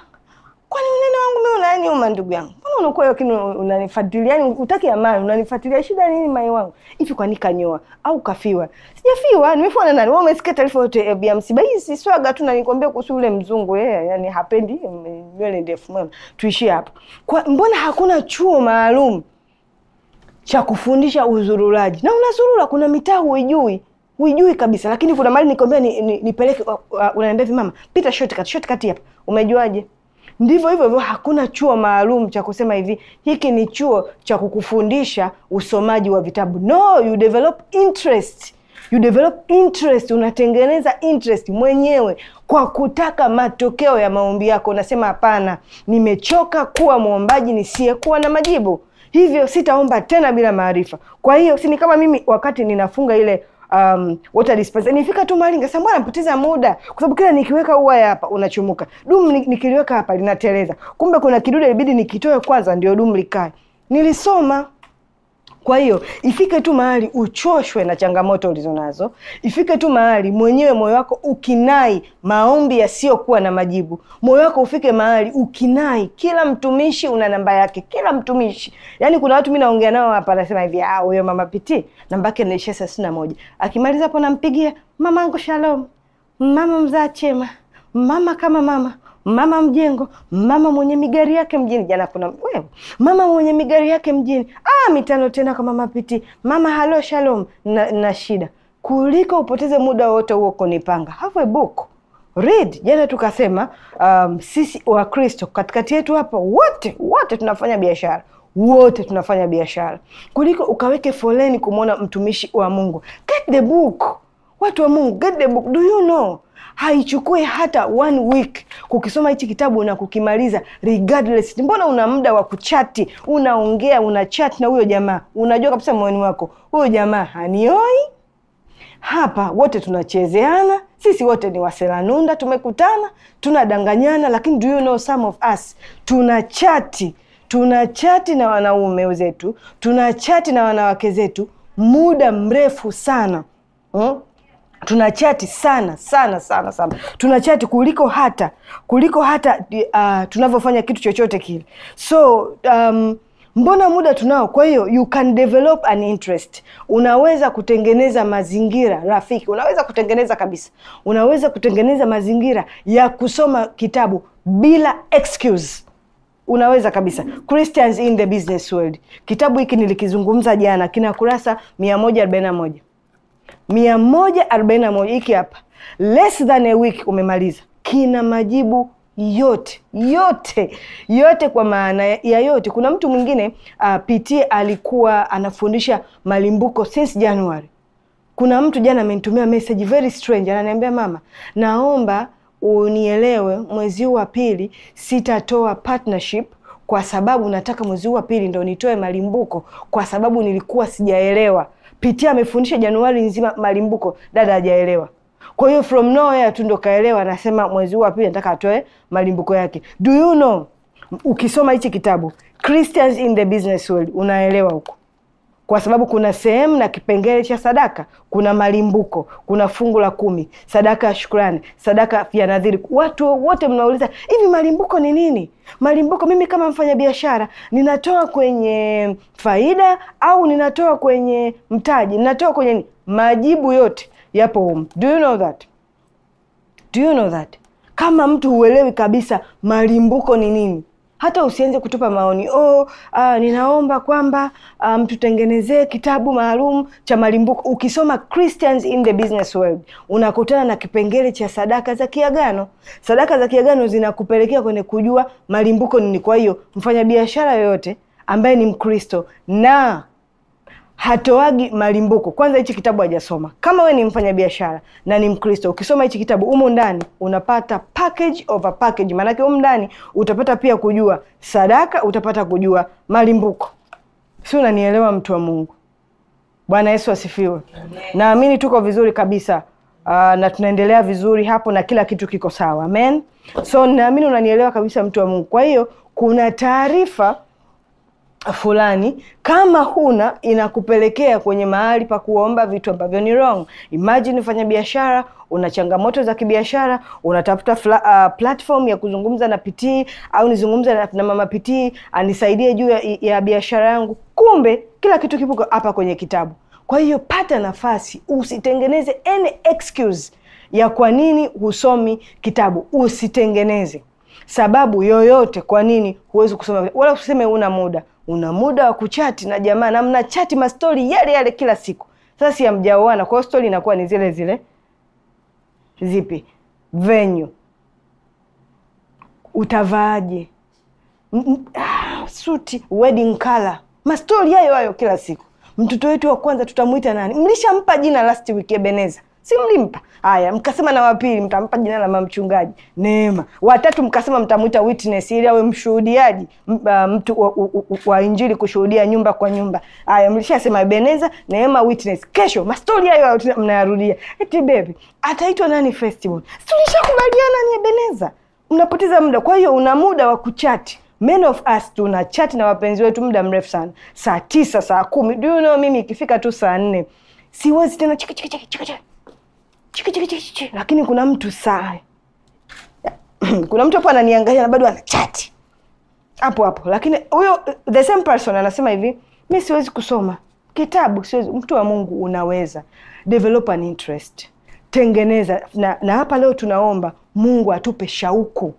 kwani unene wangu mimi unaniuma ndugu yangu? Mbona unakuwa hiyo kinu unanifuatilia? Yaani utaki amani, unanifuatilia shida nini mai wangu? Hivi kwani kanyoa au kafiwa? Sijafiwa, nimefiwa na nani? Wewe umesikia taarifa yote ya msiba hii? Si swaga tu nanikwambia kuhusu yule mzungu yeye, yeah, yani hapendi mm, nywele ndefu mwana. Tuishie hapa. Kwa mbona hakuna chuo maalum cha kufundisha uzurulaji? Na unazurula kuna mitaa huijui huijui kabisa, lakini kuna mali nikwambia nipeleke ni, ni, ni, ni unaniambia vi mama, pita shortcut, shortcut hapa. Umejuaje? ndivyo hivyo hivyo. Hakuna chuo maalum cha kusema hivi hiki ni chuo cha kukufundisha usomaji wa vitabu. No, you develop interest you develop interest, unatengeneza interest mwenyewe kwa kutaka matokeo ya maombi yako. Unasema hapana, nimechoka kuwa mwombaji nisiyekuwa na majibu, hivyo sitaomba tena bila maarifa. Kwa hiyo si ni kama mimi wakati ninafunga ile um, water dispenser. Nifika tu mahali ngasema bwana mpoteza muda kwa sababu kila nikiweka uwaya hapa unachumuka Dumu nikiliweka hapa linateleza. Kumbe kuna kidude ilibidi nikitoe kwanza ndio dumu likae. Nilisoma kwa hiyo ifike tu mahali uchoshwe na changamoto ulizonazo, ifike tu mahali mwenyewe moyo wako ukinai maombi yasiyokuwa na majibu, moyo wako ufike mahali ukinai kila mtumishi una namba yake, kila mtumishi. Yani kuna watu mi naongea nao hapa, nasema hivi, ah, huyo mama Piti namba yake naishia thelathini na moja. Akimaliza hapo nampigia mamangu, shalom, mama mzaa chema, mama kama mama mama mjengo, mama mwenye migari yake mjini. Jana kuna wewe mama mwenye migari yake mjini, ah, mitano tena kwa mama piti, mama halo shalom na, na shida kuliko upoteze muda wote huo kunipanga. Have a book read. Jana tukasema um, sisi Wakristo katikati yetu hapa wote wote tunafanya biashara wote tunafanya biashara, kuliko ukaweke foleni kumwona mtumishi wa Mungu. Get the book, watu wa Mungu, get the book. Do you know haichukui hata one week kukisoma hichi kitabu na kukimaliza regardless. Mbona una muda wa kuchati, unaongea, una chat na huyo jamaa, unajua kabisa moyoni wako huyo jamaa hanioi hapa wote tunachezeana, sisi wote ni Waselanunda, tumekutana tunadanganyana, lakini do you know some of us tuna chati tuna chati na wanaume zetu, tuna chati na wanawake zetu muda mrefu sana hmm? tunachati sana sana sana sana tunachati kuliko hata kuliko hata uh, tunavyofanya kitu chochote kile so um, mbona muda tunao kwa hiyo you can develop an interest unaweza kutengeneza mazingira rafiki unaweza kutengeneza kabisa unaweza kutengeneza mazingira ya kusoma kitabu bila excuse unaweza kabisa christians in the business world kitabu hiki nilikizungumza jana kina kurasa 141 mia moja arobaini moja hiki hapa less than a week umemaliza kina majibu yote yote yote kwa maana ya yote kuna mtu mwingine uh, ah, pt alikuwa anafundisha malimbuko since january kuna mtu jana amenitumia message very strange ananiambia mama naomba unielewe mwezi huu wa pili sitatoa partnership kwa sababu nataka mwezi huu wa pili ndo nitoe malimbuko kwa sababu nilikuwa sijaelewa pitia amefundisha Januari nzima malimbuko, dada hajaelewa. Kwa hiyo from nowhere tu ndo kaelewa, anasema mwezi huu wa pili nataka atoe malimbuko yake. Do you know, ukisoma hichi kitabu Christians in the Business World unaelewa huko kwa sababu kuna sehemu na kipengele cha sadaka, kuna malimbuko, kuna fungu la kumi, sadaka ya shukrani, sadaka ya nadhiri. Watu wote mnauliza hivi, malimbuko ni nini? Malimbuko mimi kama mfanya biashara ninatoa kwenye faida au ninatoa kwenye mtaji, ninatoa kwenye ni? Majibu yote yapo humu. Do you know that? Do you know that? Kama mtu huelewi kabisa malimbuko ni nini, hata usianze kutupa maoni oh, uh, ninaomba kwamba ah, mtutengenezee um, kitabu maalum cha malimbuko. Ukisoma Christians in the Business World unakutana na kipengele cha sadaka za kiagano. Sadaka za kiagano zinakupelekea kwenye kujua malimbuko nini. Kwa hiyo mfanyabiashara yoyote ambaye ni Mkristo na hatoagi malimbuko. Kwanza hichi kitabu hajasoma. Kama we ni mfanyabiashara na ni Mkristo, ukisoma hichi kitabu umo ndani unapata package over package. Maanake umu ndani utapata pia kujua sadaka, utapata kujua malimbuko. Si unanielewa, mtu wa Mungu? Bwana Yesu asifiwe. Naamini tuko vizuri kabisa. Uh, na tunaendelea vizuri hapo na kila kitu kiko sawa. Amen. So naamini unanielewa kabisa, mtu wa Mungu. Kwa hiyo kuna taarifa fulani kama huna inakupelekea kwenye mahali pa kuomba vitu ambavyo ni wrong. Imagine fanya biashara, una changamoto za kibiashara, unatafuta uh, platform ya kuzungumza na pitii au nizungumze na, na mama pitii anisaidie juu ya, ya biashara yangu. Kumbe kila kitu kipo hapa kwenye kitabu. Kwa hiyo pata nafasi, usitengeneze any excuse ya kwa nini husomi kitabu, usitengeneze sababu yoyote kwa nini huwezi kusoma, wala useme una muda una muda wa kuchati na jamaa na mna chati mastori yale yale kila siku. Sasa si hamjaoana, kwa stori inakuwa ni zile zile. Zipi? venyu utavaaje, ah, suti, wedding color, mastori hayo hayo kila siku. Mtoto wetu wa kwanza tutamwita nani? Mlishampa jina last week, Ebeneza si mlimpa haya mkasema na wapili mtampa jina la mamchungaji neema watatu mkasema mtamwita witness ili awe mshuhudiaji uh, mtu wa, wa, wa injili kushuhudia nyumba kwa nyumba haya mlishasema beneza neema witness kesho mastori hayo mnayarudia eti bebi ataitwa nani festival tulishakubaliana ni beneza mnapoteza muda kwa hiyo una muda wa kuchati men of us tuna chat na wapenzi wetu muda mrefu sana saa tisa saa kumi do you know mimi ikifika tu saa nne siwezi tena chiki chiki chiki chiki chiki chiki chiki chiki, lakini kuna mtu saa kuna mtu hapo ananiangalia na bado anachati hapo hapo, lakini huyo the same person anasema hivi, mi siwezi kusoma kitabu, siwezi. Mtu wa Mungu, unaweza develop an interest, tengeneza na, na hapa leo tunaomba Mungu atupe shauku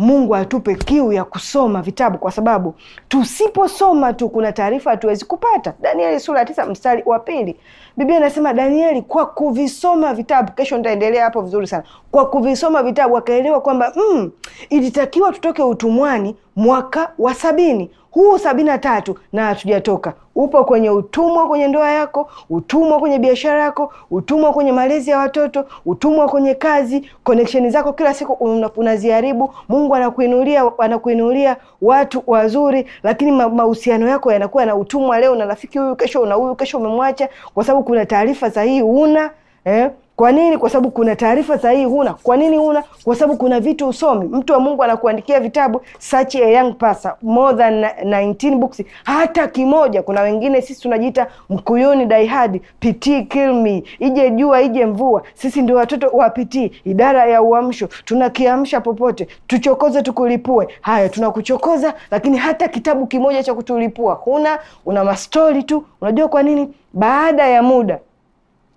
mungu atupe kiu ya kusoma vitabu kwa sababu tusiposoma tu kuna taarifa hatuwezi kupata danieli sura tisa mstari wa pili biblia inasema danieli kwa kuvisoma vitabu kesho nitaendelea hapo vizuri sana kwa kuvisoma vitabu akaelewa kwamba mm, ilitakiwa tutoke utumwani mwaka wa sabini huu sabini na tatu na hatujatoka. Upo kwenye utumwa kwenye ndoa yako, utumwa kwenye biashara yako, utumwa kwenye malezi ya watoto, utumwa kwenye kazi, konekshen zako kila siku unaziharibu. Mungu anakuinulia anakuinulia watu wazuri, lakini mahusiano yako yanakuwa na utumwa. Leo na rafiki huyu, kesho una huyu, kesho umemwacha kwa sababu kuna taarifa sahihi una eh? Kwa nini? Kwa sababu kuna taarifa sahihi huna. Kwa nini huna? Kwa sababu kuna vitu usomi. Mtu wa Mungu anakuandikia vitabu such a young pastor, more than 19 books, hata kimoja. Kuna wengine sisi tunajiita mkuyuni daihadi, pitii kilmi, ije jua ije mvua, sisi ndio watoto wa pitii, idara ya uamsho. Tunakiamsha popote, tuchokoze tukulipue. Haya, tunakuchokoza, lakini hata kitabu kimoja cha kutulipua huna. Una mastori tu. Unajua kwa nini? Baada ya muda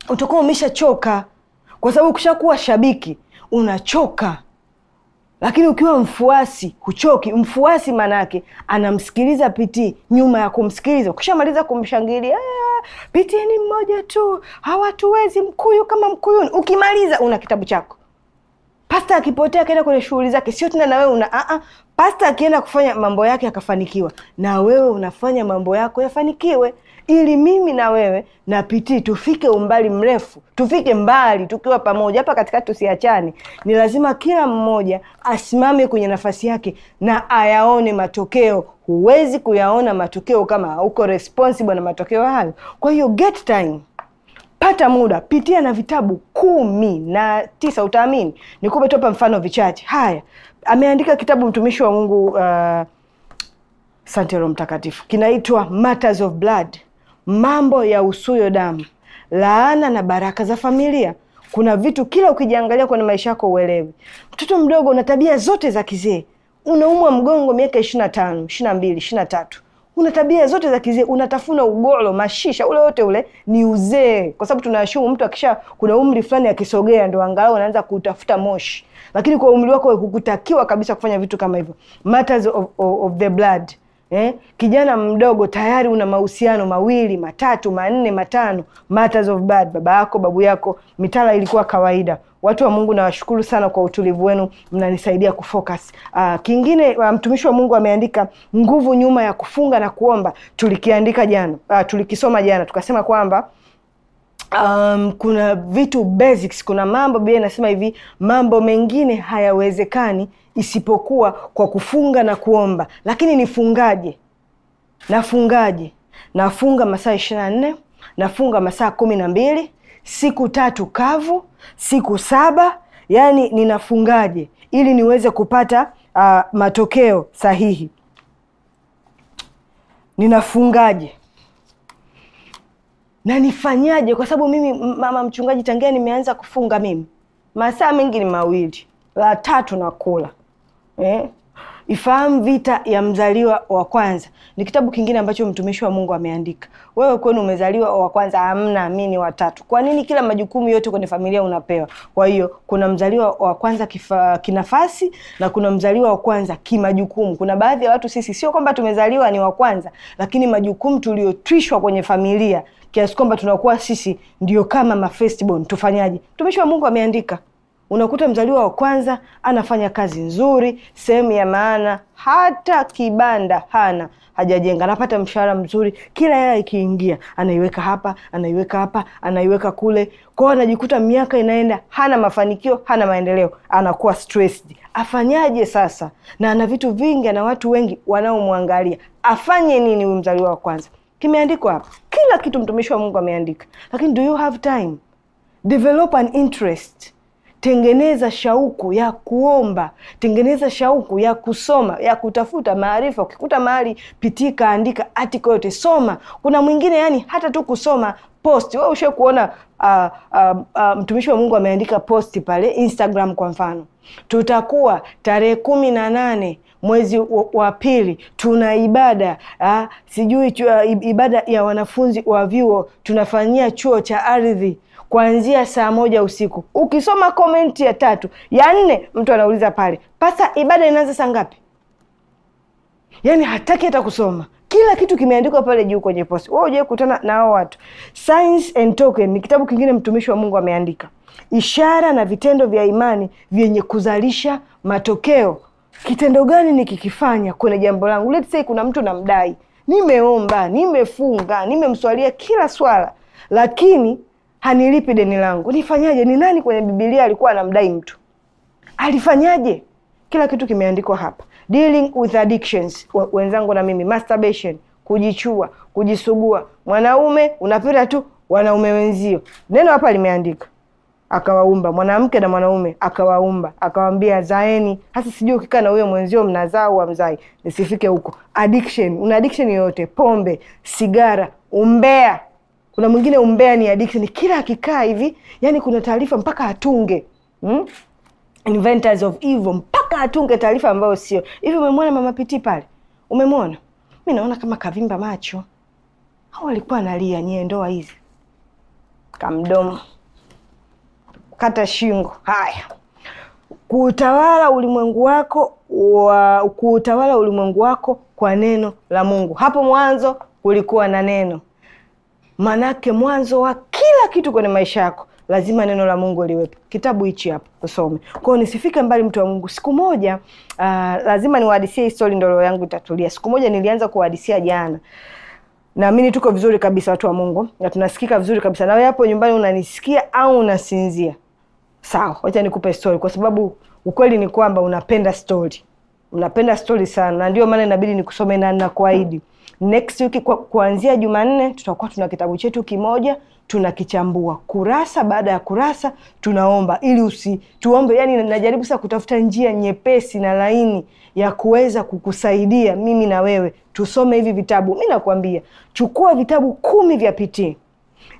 utakuwa umeshachoka kwa sababu ukishakuwa shabiki unachoka, lakini ukiwa mfuasi huchoki. Mfuasi yake anamsikiliza Pitii, nyuma ya kumsikiliza ukishamaliza kumshangilia ah, Pitii ni mmoja tu, hawatuwezi mkuyu kama mkuyuni. Ukimaliza una kitabu chako. Pasta akipotea akaenda kwenye shughuli zake, sio tena na wewe una a ah, a. Ah. Pasta akienda kufanya mambo yake akafanikiwa, na wewe unafanya mambo yako yafanikiwe ili mimi na wewe napitii tufike umbali mrefu, tufike mbali tukiwa pamoja. Hapa katikati tusiachane. Ni lazima kila mmoja asimame kwenye nafasi yake na ayaone matokeo. Huwezi kuyaona matokeo kama uko responsible na matokeo hayo. Kwa hiyo get time pata muda, pitia na vitabu kumi na tisa. Utaamini, nikupe tu mfano vichache. Haya, ameandika kitabu mtumishi wa Mungu uh, santero Mtakatifu, kinaitwa Matters of Blood mambo ya usuyo damu, laana na baraka za familia. Kuna vitu kila ukijiangalia kwenye maisha yako uelewi. Mtoto mdogo una tabia zote za kizee, unaumwa mgongo miaka ishirini na tano, ishirini na mbili, ishirini na tatu una tabia zote za kizee, unatafuna ugolo mashisha, ule wote ule ni uzee, kwa sababu tunashumu mtu akisha kuna umri fulani akisogea ndo angalau unaanza kutafuta moshi, lakini kwa umri wako hukutakiwa kabisa kufanya vitu kama hivyo. Matters of, of, of the blood eh? Kijana mdogo tayari una mahusiano mawili matatu manne matano, matters of bad, baba yako babu yako. Mitala ilikuwa kawaida. Watu wa Mungu, nawashukuru sana kwa utulivu wenu, mnanisaidia kufocus. Uh, kingine ah, mtumishi wa Mungu ameandika nguvu nyuma ya kufunga na kuomba. Tulikiandika jana, uh, tulikisoma jana tukasema kwamba Um, kuna vitu basics, kuna mambo Biblia inasema hivi, mambo mengine hayawezekani isipokuwa kwa kufunga na kuomba. Lakini nifungaje? Nafungaje? Nafunga masaa ishirini na nne nafunga masaa kumi na mbili siku tatu kavu, siku saba. Yani ninafungaje ili niweze kupata uh, matokeo sahihi? Ninafungaje na nifanyaje? Kwa sababu mimi mama mchungaji, tangia nimeanza kufunga mimi masaa mengi ni mawili, la tatu nakula eh? Ifahamu Vita ya Mzaliwa wa Kwanza ni kitabu kingine ambacho mtumishi wa Mungu ameandika. Wewe kwenu umezaliwa wa kwanza, hamna mimi wa tatu. Kwa nini kila majukumu yote kwenye familia unapewa? Kwa hiyo kuna mzaliwa wa kwanza kifa, kinafasi na kuna mzaliwa wa kwanza kimajukumu. Kuna baadhi ya watu sisi sio kwamba tumezaliwa ni wa kwanza, lakini majukumu tuliotwishwa kwenye familia kiasi kwamba tunakuwa sisi ndio kama ma firstborn. Tufanyaje? Mtumishi wa Mungu ameandika. Unakuta mzaliwa wa kwanza anafanya kazi nzuri, sehemu ya maana, hata kibanda hana, hajajenga, anapata mshahara mzuri, kila hela ikiingia anaiweka hapa, anaiweka hapa, anaiweka kule. Kwao anajikuta miaka inaenda, hana mafanikio, hana maendeleo, anakuwa stressed. Afanyaje sasa? Na ana vitu vingi, ana watu wengi wanaomwangalia, afanye nini huyu mzaliwa wa kwanza? Kimeandikwa hapa, kila kitu mtumishi wa Mungu ameandika, lakini do you have time? Develop an interest tengeneza shauku ya kuomba, tengeneza shauku ya kusoma, ya kutafuta maarifa. Ukikuta mahali, pitika, andika article yote, soma. Kuna mwingine yani hata tu kusoma post. we ushe kuona uh, uh, uh, mtumishi wa Mungu ameandika posti pale Instagram kwa mfano, tutakuwa tarehe kumi na nane mwezi wa pili tuna ibada ha, sijui chua, ibada ya wanafunzi wa vyuo tunafanyia chuo cha ardhi kuanzia saa moja usiku. Ukisoma komenti ya tatu ya nne, mtu anauliza pale pasa ibada inaanza saa ngapi? Yaani hataki hata kusoma kila kitu kimeandikwa pale juu kwenye posti. Wewe uje kukutana na hao watu. Signs and Token ni kitabu kingine mtumishi wa Mungu ameandika, ishara na vitendo vya imani vyenye kuzalisha matokeo. Kitendo gani nikikifanya kwenye jambo langu? Let's say kuna mtu namdai, nimeomba, nimefunga, nimemswalia kila swala, lakini hanilipi deni langu, nifanyaje? Ni nani kwenye Biblia alikuwa anamdai mtu? Alifanyaje? Kila kitu kimeandikwa hapa, dealing with addictions. Wenzangu na mimi, masturbation, kujichua, kujisugua, mwanaume unapita tu wanaume wenzio. Neno hapa limeandika akawaumba mwanamke na mwanaume akawaumba, akawaambia zaeni. Hasa sijui ukikaa na huyo mwenzio mnazaa au mzai, nisifike huko. Addiction, una addiction yoyote, pombe, sigara, umbea kuna mwingine umbea ni addiction kila akikaa hivi yani kuna taarifa mpaka atunge hmm? inventors of evil mpaka atunge taarifa ambayo sio hivi umemwona mama piti pale umemwona mi naona kama kavimba macho au alikuwa analia nyie ndoa hizi kamdomo kata shingo haya kuutawala ulimwengu wako wa, kuutawala ulimwengu wako kwa neno la mungu hapo mwanzo kulikuwa na neno Manake mwanzo wa kila kitu kwenye maisha yako lazima neno la Mungu liwepo. Kitabu hichi hapa usome. kwao nisifike mbali, mtu wa Mungu. Siku moja uh, lazima niwahadisie hii story, ndio roho yangu itatulia. Siku moja nilianza kuwahadisia jana. Naamini tuko vizuri kabisa, watu wa Mungu, na tunasikika vizuri kabisa. Nawe hapo nyumbani unanisikia au unasinzia? Sawa, wacha nikupe stori kwa sababu ukweli ni kwamba unapenda stori unapenda stori sana, na ndio maana inabidi nikusome, na nakuahidi next week kwa, kuanzia Jumanne tutakuwa tuna kitabu chetu kimoja tunakichambua kurasa baada ya kurasa, tunaomba ili usi tuombe. Yani najaribu sasa kutafuta njia nyepesi na laini ya kuweza kukusaidia mimi na wewe tusome hivi vitabu. Mi nakwambia chukua vitabu kumi vya pitii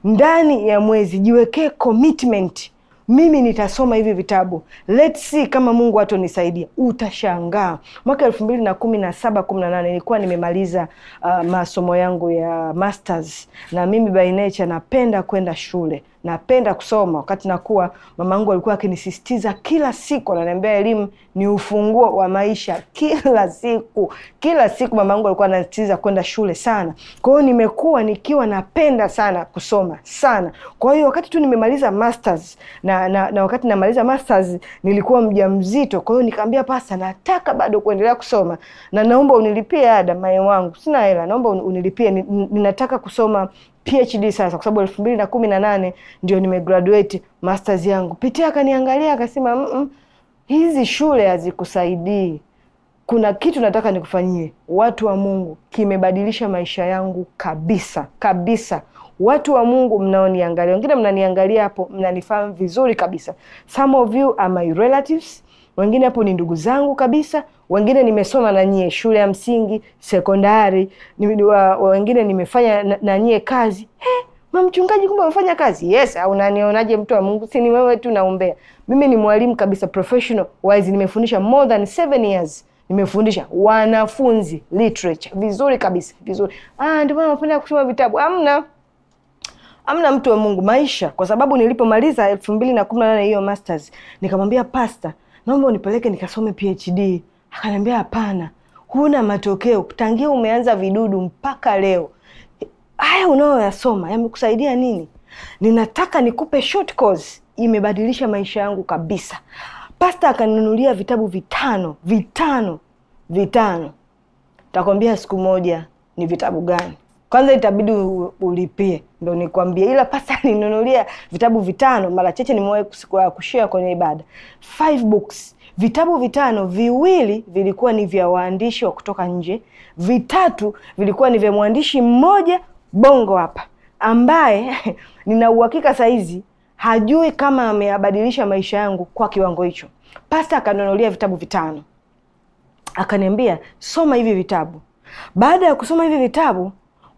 ndani ya mwezi, jiwekee commitment mimi nitasoma hivi vitabu let's see kama mungu hatonisaidia utashangaa mwaka elfu mbili na kumi na saba kumi na nane nilikuwa nimemaliza uh, masomo yangu ya masters na mimi by nature napenda kwenda shule napenda kusoma. Wakati nakuwa mamaangu alikuwa akinisistiza kila siku, ananiambia elimu ni ufunguo wa maisha. Kila siku kila siku mamangu alikuwa anasisitiza kwenda shule sana. Kwa hiyo nimekuwa nikiwa napenda sana kusoma sana. Kwa hiyo wakati tu nimemaliza masters na, na, na wakati namaliza masters nilikuwa mjamzito, kwa hiyo nikaambia pasa, nataka bado kuendelea kusoma na naomba unilipie ada mae wangu, sina hela, naomba unilipie, ninataka kusoma PhD sasa, kwa sababu elfu mbili na kumi na nane ndio nimegraduate masters yangu. Pitia akaniangalia akasema, mm -mm, hizi shule hazikusaidii, kuna kitu nataka nikufanyie. Watu wa Mungu, kimebadilisha maisha yangu kabisa kabisa. Watu wa Mungu mnaoniangalia, wengine mnaniangalia hapo, mnanifahamu vizuri kabisa. Some of you are my relatives wengine hapo ni ndugu zangu kabisa, wengine nimesoma na nyie shule ya msingi, sekondari, wengine nimefanya na, nyie kazi. He, mamchungaji kumbe amefanya kazi. Yes, au unanionaje mtu wa Mungu? Si ni wewe tu naombea. Mimi ni mwalimu kabisa professional wise, nimefundisha more than seven years nimefundisha wanafunzi literature vizuri kabisa, vizuri. Ah, ndio maana napenda kusoma vitabu. Amna amna mtu wa Mungu maisha, kwa sababu nilipomaliza elfu mbili na kumi na nane hiyo masters, nikamwambia pastor naomba unipeleke nikasome PhD. Akaniambia hapana, huna matokeo tangia umeanza vidudu mpaka leo. Haya unayoyasoma yamekusaidia nini? Ninataka nikupe short course, imebadilisha maisha yangu kabisa. Pasta akaninunulia vitabu vitano vitano vitano, takwambia siku moja ni vitabu gani kwanza itabidi ulipie ndo nikwambie, ila pasa ninunulia vitabu vitano. Mara chache nimewahi kushia kwenye ibada five books, vitabu vitano, viwili vilikuwa ni vya waandishi wa kutoka nje, vitatu vilikuwa ni vya mwandishi mmoja bongo hapa, ambaye nina uhakika saizi hajui kama ameyabadilisha maisha yangu kwa kiwango hicho. Pasta akanunulia vitabu vitano, akaniambia soma hivi vitabu. Baada ya kusoma hivi vitabu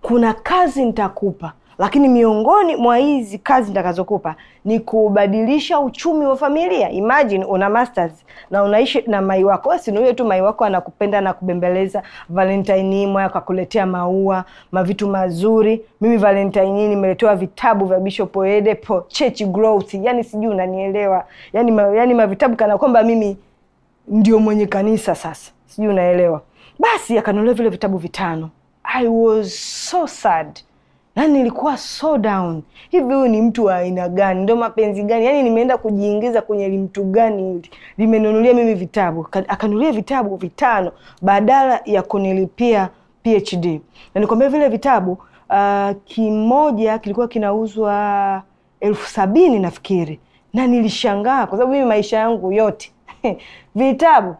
kuna kazi nitakupa lakini miongoni mwa hizi kazi nitakazokupa ni kubadilisha uchumi wa familia. Imagine una masters na unaishi na mai wako, sinuye tu mai wako anakupenda na kubembeleza Valentine akakuletea maua mavitu mazuri. Mimi valentini nimeletewa vitabu vya Bishop Oyedepo Church Growth, yani sijui unanielewa, yani, ma, yani mavitabu kana kwamba mimi ndio mwenye kanisa sasa, sijui unaelewa. Basi akanulia vile vitabu vitano I was so sad. Yani nilikuwa so down. Hivi huyu ni mtu wa aina gani? Ndio mapenzi gani? yani nimeenda kujiingiza kwenye mtu gani Limenunulia mimi vitabu, akanunulia vitabu vitano badala ya kunilipia PhD. Na nikwambia vile vitabu uh, kimoja kilikuwa kinauzwa elfu sabini nafikiri, na nilishangaa kwa sababu mimi maisha yangu yote vitabu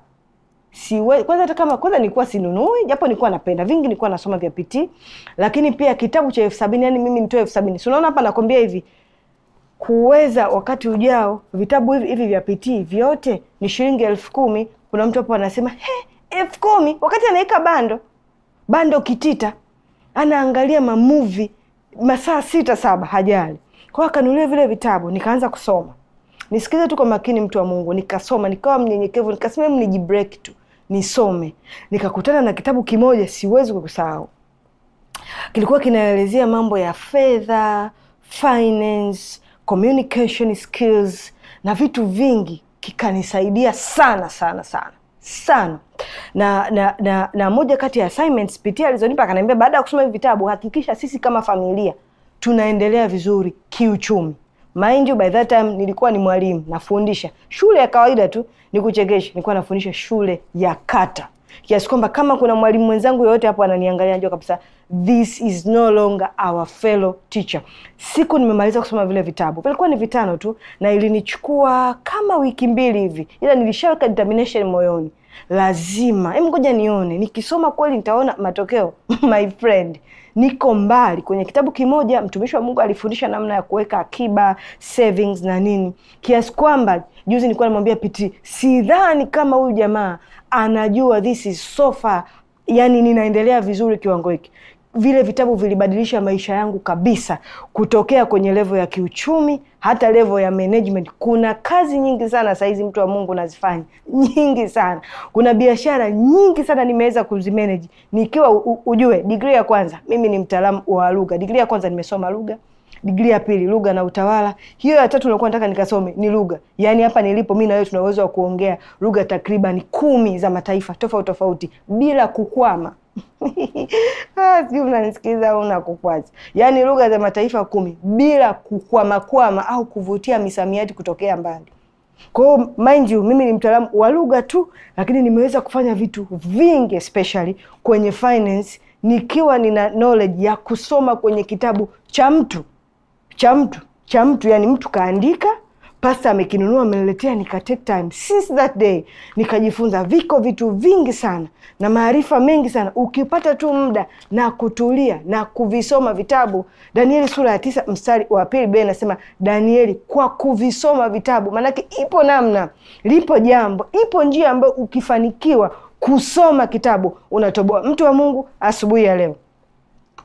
siwe kwanza, hata kama kwanza nilikuwa sinunui, japo nilikuwa napenda vingi, nilikuwa nasoma vya PT, lakini pia kitabu cha elfu sabini yani mimi nitoe elfu sabini si unaona hapa nakwambia hivi kuweza wakati ujao vitabu hivi hivi vya PT vyote ni shilingi elfu kumi. Kuna mtu hapo anasema he, elfu kumi wakati anaweka bando bando kitita, anaangalia mamuvi masaa sita saba, hajali kwao, akanulia vile vitabu, nikaanza kusoma. Nisikize tu kwa makini, mtu wa Mungu, nikasoma, nikawa mnyenyekevu, nikasema nijibreki tu, nisome, nikakutana na kitabu kimoja siwezi kukusahau, kilikuwa kinaelezea mambo ya fedha, finance, communication skills na vitu vingi, kikanisaidia sana sana sana sana na na na, na moja kati ya assignments pitia alizonipa akaniambia, baada ya kusoma hivi vitabu hakikisha sisi kama familia tunaendelea vizuri kiuchumi. Mind you by that time nilikuwa ni mwalimu nafundisha shule ya kawaida tu, nikuchekeshe, nilikuwa nafundisha shule ya kata kiasi kwamba kama kuna mwalimu mwenzangu yoyote hapo ananiangalia, najua kabisa this is no longer our fellow teacher. Siku nimemaliza kusoma vile vitabu, vilikuwa ni vitano tu, na ilinichukua kama wiki mbili hivi, ila nilishaweka determination moyoni lazima hem, ngoja nione, nikisoma kweli nitaona matokeo. My friend, niko mbali. Kwenye kitabu kimoja mtumishi wa Mungu alifundisha namna ya kuweka akiba savings na nini, kiasi kwamba juzi nilikuwa namwambia Piti, sidhani kama huyu jamaa anajua this is so far, yani ninaendelea vizuri kiwango hiki vile vitabu vilibadilisha maisha yangu kabisa, kutokea kwenye levo ya kiuchumi hata levo ya management. Kuna kazi nyingi sana saizi, mtu wa Mungu, nazifanya nyingi sana. Kuna biashara nyingi sana nimeweza kuzimanage nikiwa u, ujue, digri ya kwanza mimi ni mtaalamu wa lugha. digri ya kwanza nimesoma lugha digri ya pili lugha na utawala, hiyo ya tatu nilikuwa nataka nikasome ni lugha. Yaani hapa nilipo mimi na wewe tuna uwezo wa kuongea lugha takriban kumi za mataifa tofauti tofauti bila kukwama. Ah, sijui mnanisikiliza au nakukwaza. Yaani lugha za mataifa kumi bila kukwamakwama au kuvutia misamiati kutokea mbali. Kwa hiyo mind you, mimi ni mtaalamu wa lugha tu, lakini nimeweza kufanya vitu vingi especially kwenye finance nikiwa nina knowledge ya kusoma kwenye kitabu cha mtu cha mtu cha mtu, yani mtu kaandika pasta amekinunua ameniletea, nika take time. Since that day nikajifunza, viko vitu vingi sana na maarifa mengi sana, ukipata tu muda na kutulia na kuvisoma vitabu. Danieli sura ya tisa mstari wa pili b nasema Danieli kwa kuvisoma vitabu. Maanake ipo namna, lipo jambo, ipo njia ambayo ukifanikiwa kusoma kitabu unatoboa. Mtu wa Mungu, asubuhi ya leo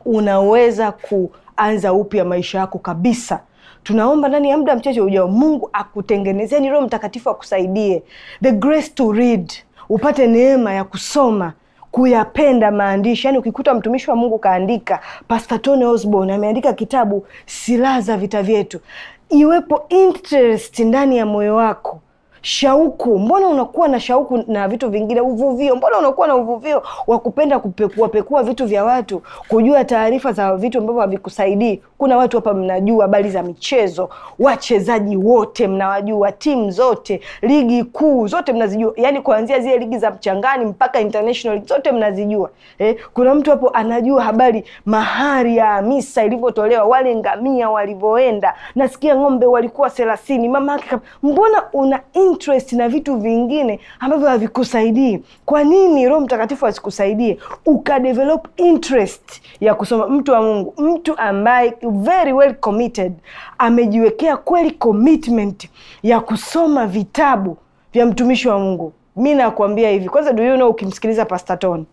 unaweza kuanza upya maisha yako kabisa tunaomba ndani ya muda mchache ujao Mungu akutengenezeni Roho Mtakatifu akusaidie the grace to read, upate neema ya kusoma kuyapenda maandishi. Yani ukikuta mtumishi wa Mungu kaandika, Pastor Tony osborn ameandika kitabu silaha za vita vyetu, iwepo interest ndani ya moyo wako shauku mbona unakuwa na shauku na vitu vingine uvuvio mbona unakuwa na uvuvio wa kupenda kupekuapekua vitu vya watu kujua taarifa za vitu ambavyo havikusaidii kuna watu hapa mnajua habari za michezo wachezaji wote mnawajua timu zote ligi kuu zote mnazijua yani kuanzia zile ligi za mchangani mpaka international zote mnazijua eh, kuna mtu hapo anajua habari mahari ya misa ilivyotolewa wale ngamia walivyoenda nasikia ng'ombe walikuwa thelathini mama mbona una in interest na vitu vingine ambavyo havikusaidii. Kwa nini Roho Mtakatifu asikusaidie ukadevelop interest ya kusoma? Mtu wa Mungu, mtu ambaye very well committed, amejiwekea kweli commitment ya kusoma vitabu vya mtumishi wa Mungu. Mi nakwambia hivi, kwanza do you know, ukimsikiliza Pastor Tony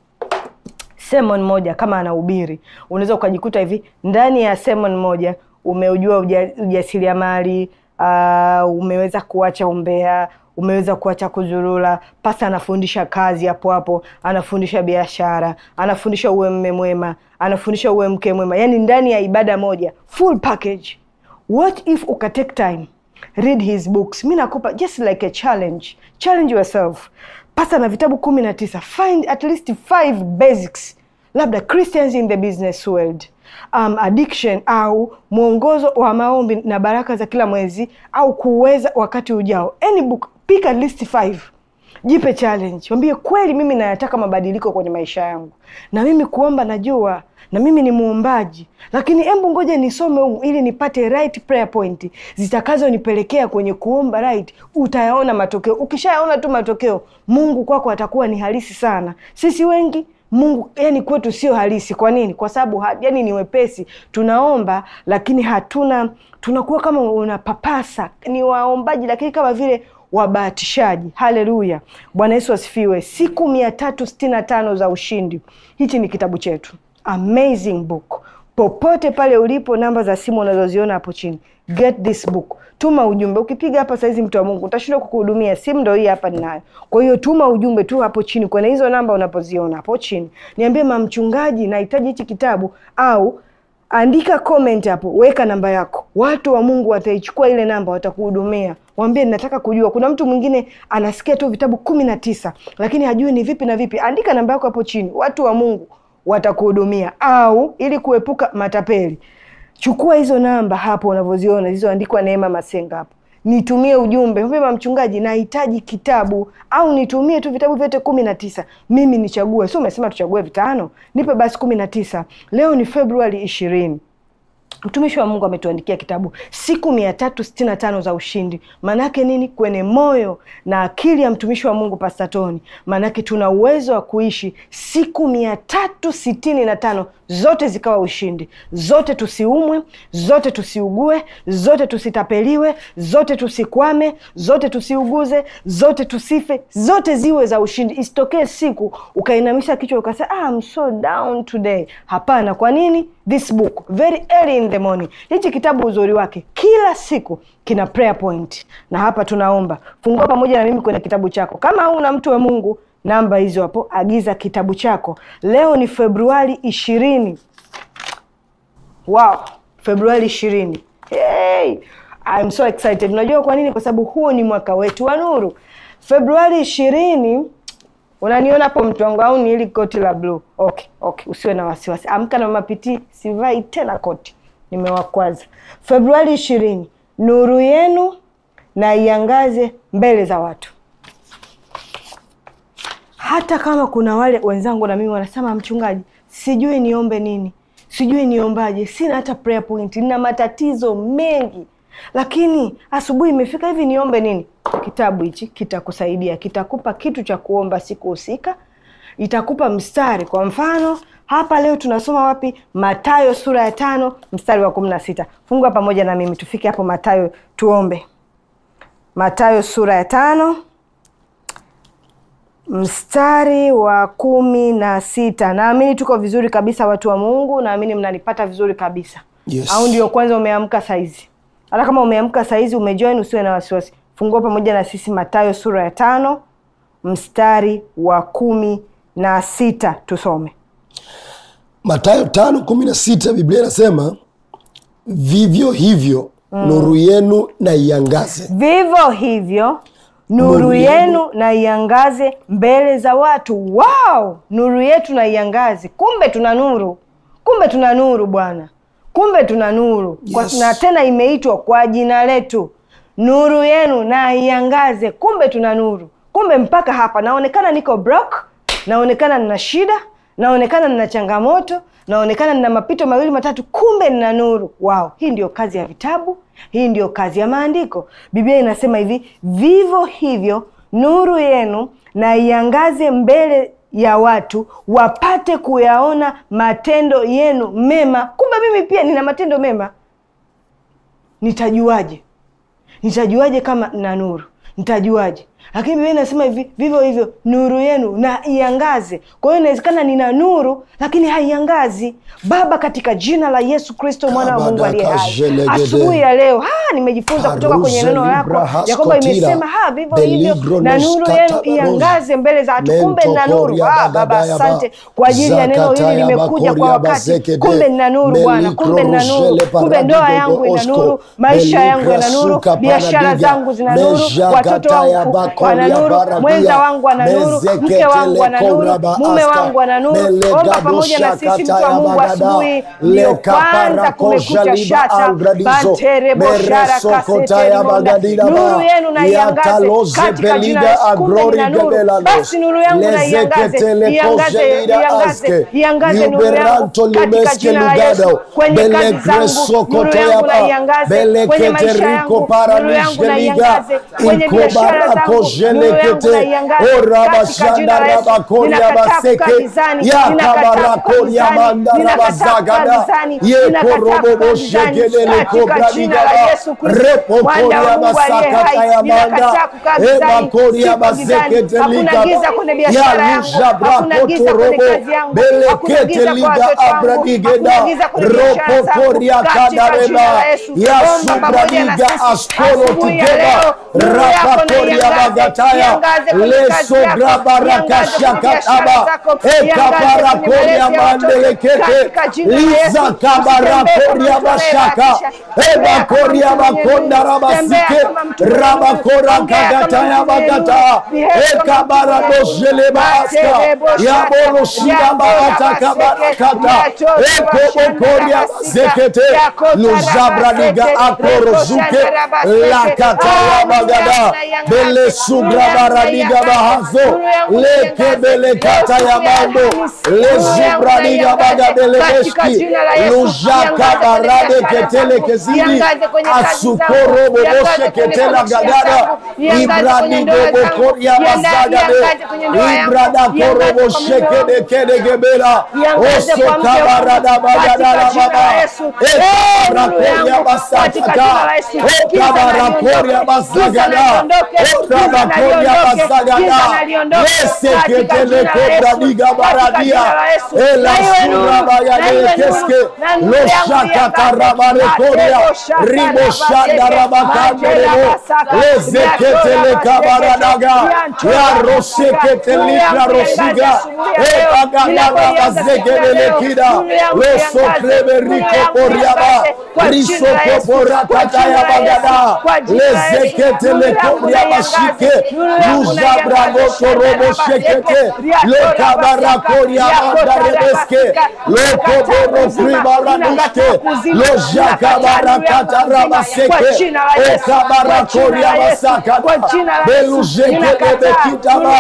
semon moja kama anahubiri, unaweza ukajikuta hivi ndani ya semon moja umeujua ujasiriamali uh, umeweza kuacha umbea, umeweza kuacha kuzurula. pasa anafundisha kazi hapo hapo, anafundisha biashara, anafundisha uwe mme mwema, anafundisha uwe mke mwema, yaani ndani ya ibada moja, full package. What if uka take time read his books? Mi nakupa just like a challenge, challenge yourself. pasa na vitabu kumi na tisa. Find at least five basics, labda Christians in the business world um, addiction au mwongozo wa maombi na baraka za kila mwezi au kuweza wakati ujao. Any book, pick at least five. Jipe challenge, wambie kweli, mimi nayataka mabadiliko kwenye maisha yangu, na mimi kuomba najua, na mimi ni muombaji, lakini embu ngoja nisome huu ili nipate right prayer point zitakazonipelekea kwenye kuomba right. Utayaona matokeo. Ukishayaona tu matokeo, Mungu kwako kwa atakuwa ni halisi sana. Sisi wengi Mungu yani kwetu sio halisi. Kwa nini? Kwa sababu yani ni wepesi, tunaomba lakini hatuna, tunakuwa kama unapapasa, ni waombaji lakini kama vile wabahatishaji. Haleluya, Bwana Yesu asifiwe. Siku mia tatu sitini na tano za ushindi, hichi ni kitabu chetu, amazing book popote pale ulipo, namba za simu unazoziona hapo chini. Get this book, tuma ujumbe. Ukipiga hapa saizi, mtu wa Mungu, utashindwa kukuhudumia. Simu ndo hii hapa ninayo. Kwa hiyo tuma ujumbe tu hapo chini kwenye hizo namba unapoziona hapo chini, niambie mamchungaji, nahitaji hichi kitabu au andika comment hapo, weka namba yako. Watu wa Mungu wataichukua ile namba, watakuhudumia. Waambie nataka kujua. Kuna mtu mwingine anasikia tu vitabu kumi na tisa lakini hajui ni vipi na vipi. Andika namba yako hapo chini, watu wa Mungu watakuhudumia, au ili kuepuka matapeli, chukua hizo namba hapo unavyoziona zilizoandikwa Neema Masenga hapo nitumie ujumbe vema mchungaji, nahitaji kitabu au nitumie tu vitabu vyote kumi na tisa mimi nichague. Si umesema tuchague vitano? Nipe basi kumi na tisa. Leo ni Februari ishirini Mtumishi wa Mungu ametuandikia kitabu siku mia tatu sitini na tano za ushindi. Maanake nini? Kwenye moyo na akili ya mtumishi wa Mungu Pastor Tony, tuna uwezo wa kuishi siku mia tatu sitini na tano zote zikawa ushindi, zote tusiumwe, zote tusiugue, zote tusitapeliwe, zote tusikwame, zote tusiuguze, zote tusife, zote ziwe za ushindi. Isitokee siku ukainamisha kichwa ukasema ah, so down today. Hapana. Kwa nini? This book very early in the morning, hichi kitabu uzuri wake kila siku kina prayer point, na hapa tunaomba. Fungua pamoja na mimi kwenye kitabu chako, kama una mtu wa Mungu namba hizo hapo, agiza kitabu chako. Leo ni Februari ishirini. Wow, Februari ishirini. Hey, I'm so excited. Unajua kwa nini? Kwa sababu huo ni mwaka wetu wa nuru. Februari ishirini Unaniona hapo mtu wangu, au ni hili koti la bluu? Okay, okay, usiwe na wasiwasi. Amka na mapitii, sivai tena koti, nimewakwaza. Februari ishirini, nuru yenu na iangaze mbele za watu hata kama kuna wale wenzangu na mimi wanasema, mchungaji, sijui niombe nini, sijui niombaje, sina hata prayer point, nina matatizo mengi, lakini asubuhi imefika hivi, niombe nini? Kitabu hichi kitakusaidia, kitakupa kitu cha kuomba siku husika, itakupa mstari. Kwa mfano hapa leo tunasoma wapi? matayo sura ya tano mstari wa kumi na sita. Fungua pamoja na mimi tufike hapo matayo tuombe. matayo sura ya tano mstari wa kumi na sita naamini tuko vizuri kabisa watu wa mungu naamini mnanipata vizuri kabisa yes. au ndio kwanza umeamka saizi hata kama umeamka saizi umejoin usiwe na wasiwasi fungua pamoja na sisi matayo sura ya tano mstari wa kumi na sita tusome matayo tano kumi na sita biblia inasema vivyo hivyo mm. nuru yenu na iangaze vivyo hivyo nuru yenu na iangaze mbele za watu. Wow, nuru yetu na iangaze. Kumbe tuna nuru, kumbe tuna nuru Bwana, kumbe tuna nuru yes. Na tena imeitwa kwa jina letu, nuru yenu na iangaze. Kumbe tuna nuru, kumbe mpaka hapa naonekana niko broke, naonekana nina shida naonekana nina changamoto naonekana nina mapito mawili matatu kumbe nina nuru wao hii ndiyo kazi ya vitabu hii ndiyo kazi ya maandiko biblia inasema hivi vivo hivyo nuru yenu na iangaze mbele ya watu wapate kuyaona matendo yenu mema kumbe mimi pia nina matendo mema nitajuaje nitajuaje kama na nuru nitajuaje lakini Biblia inasema hivi, vivyo hivyo nuru yenu na iangaze. Kwa hiyo inawezekana nina nuru lakini haiangazi. Baba, katika jina la Yesu Kristo mwana wa Mungu aliye hai, asubuhi ya leo nimejifunza kutoka kwenye neno lako ya kwamba imesema ha vivyo hivyo na nuru yenu iangaze mbele za watu. Kumbe nina nuru. Ah, Baba, asante kwa ajili ya neno hili, limekuja kwa wakati. Kumbe nina nuru Bwana, kumbe nina nuru, kumbe ndoa yangu ina nuru, maisha yangu yana nuru, biashara zangu zina nuru, watoto wangu ana nuru, mwenza wangu ana nuru, mke wangu ana nuru, mume wangu ana nuru. Omba pamoja na sisi, mtu wa Mungu, asubuhi leo kwanza kumekucha shata bantere boshara kasete nuru yenu na iangaze katika jina la Yesu, nuru basi nuru yangu na iangaze, iangaze, iangaze, iangaze nuru yangu katika jina la Yesu, kwenye kazi zangu nuru yangu na iangaze, kwenye maisha yangu nuru yangu na iangaze, kwenye biashara zangu jelekete orabashanda rabakoria baseke yakabarakoria mandarabazagada yekoroboboshegelelokobradigaba repokoria basakatayamanda emakoria baseketeligaba yalujabrakotoroko abradigeda ropokoria yasubradiga askolotikeba rapakoria gataya leso brabarakashakataba ekabarakoria mandelekete lizakabarakoria bashaka ebakoria bakondarabasike rabakorakagata yabagataya ekabaradojelebaaska yaboroshidabaatakabarakata ekobokoria bazekete luzabradiga akorozuke lakatayabagada beleso subrabaradigabahazo lekebelekata ya mando lezubradigabagadelebeski luzhakabaradeketelekezidi asukorobobosheketelagagada ibradigobokoriabazagade ibradakoroboshekelekedekebela osokabaradabagadarababa ekabarakoryabasatata ekabarakoryabazagada ya rosiga e Riso kopora kataya bagada lezekete lekobria bashike sheke ruza bravo robo shekeke koria anda rebeske fribara nuske lo katara baseke o koria basaka belu bebe kitaba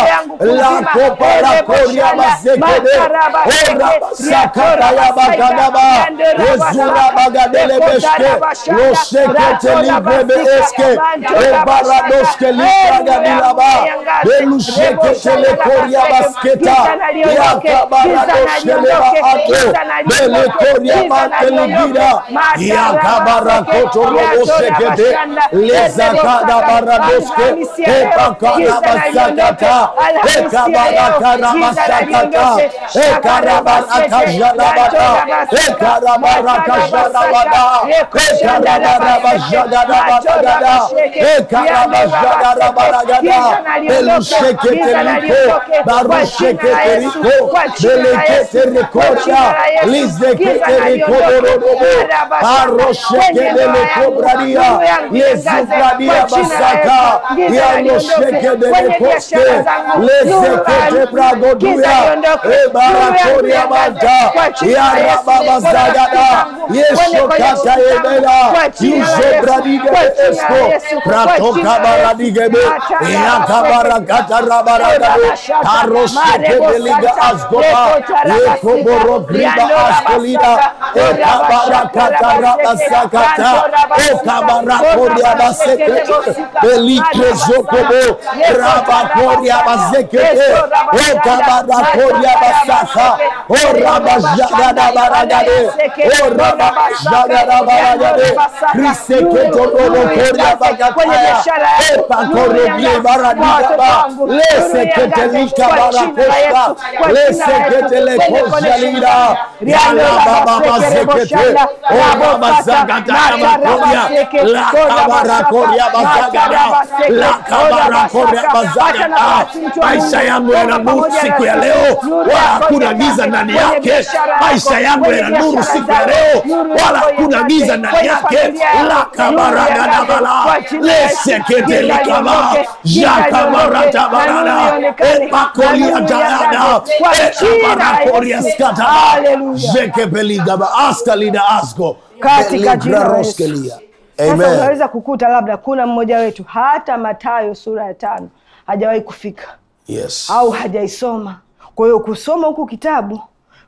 la koria baseke ora sakara ya bagadaba bagadele beske lo sheke telibre be eske o Kadilaba, Belushekele Koria Basketa, Yakabara Sheleva Ato, Bele Koria Matelubira, Yakabara Koto Robo Sekete, Lezakada Baradoske, Epakana Basakata, Ekabara Karabasakata, Ekarabara Kajalabata, Ekarabara Kajalabata, Ekarabara Kajalabata, Ekarabara Kajalabata, Bagada, Belusheketelico, Barusheketerico, Beleketericota, Lizdeketerico, Arosheketerico, Bradia, Yezubradia Basaka, Yanosheketelicoste, Lezeketebra Ebarakoria Mada, Yarababa Zagada, Yeshokata Ebela, Yuzobradiga Esco, Prato Cabaradiga. Thank you. Arrosa Kebeliga Belike Zokobo, O O baradigaba leseketelika barakosta lakabarakoria bazagada lakabarakoria bazagada maisha yangu yana nuru siku ya leo wala hakuna giza ndani yake maisha yangu yana nuru siku ya leo wala hakuna giza ndani yake lakabaragadabala leseketelikaba yakamaratabana epakolia jekepeligaba askalida asko unaweza kukuta labda kuna mmoja wetu hata matayo sura ya tano hajawahi kufika yes. au hajaisoma. Kwa hiyo kusoma huku kitabu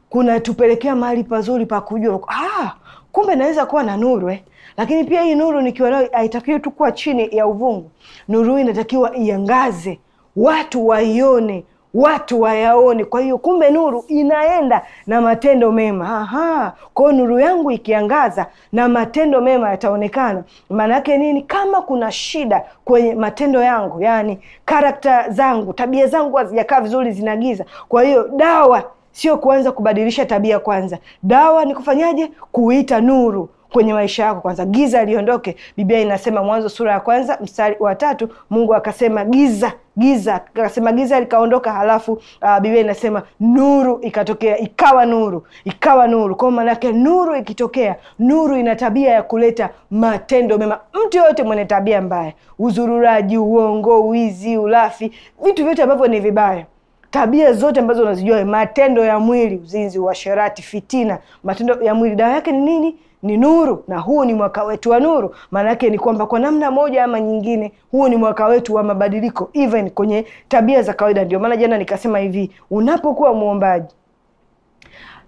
kunatupelekea mahali pazuri pakujua ah, kumbe naweza kuwa na nuru eh? Lakini pia hii nuru nikiwa nayo haitakiwi tu kuwa chini ya uvungu. Nuru hii inatakiwa iangaze, watu waione, watu wayaone. Kwa hiyo kumbe nuru inaenda na matendo mema. kwao nuru yangu ikiangaza na matendo mema yataonekana. Maana yake nini? Kama kuna shida kwenye matendo yangu, yani karakta zangu, tabia zangu hazijakaa vizuri, zinagiza, kwa hiyo dawa sio kuanza kubadilisha tabia kwanza. Dawa ni kufanyaje? Kuita nuru kwenye maisha yako kwanza, giza liondoke. Biblia inasema Mwanzo sura ya kwanza mstari wa tatu, Mungu akasema giza giza, akasema giza likaondoka. Halafu uh, Biblia inasema nuru ikatokea, ikawa nuru, ikawa nuru. Kwa maana yake nuru ikitokea, nuru ina tabia ya kuleta matendo mema. Mtu yoyote mwenye tabia mbaya, uzururaji, uongo, wizi, ulafi, vitu vyote ambavyo ni vibaya tabia zote ambazo unazijua, matendo ya mwili, uzinzi, uasherati, fitina, matendo ya mwili, dawa yake ni nini? Ni nuru, na huu ni mwaka wetu wa nuru. Maana yake ni kwamba kwa namna moja ama nyingine, huu ni mwaka wetu wa mabadiliko, even kwenye tabia za kawaida. Ndio maana jana nikasema hivi, unapokuwa mwombaji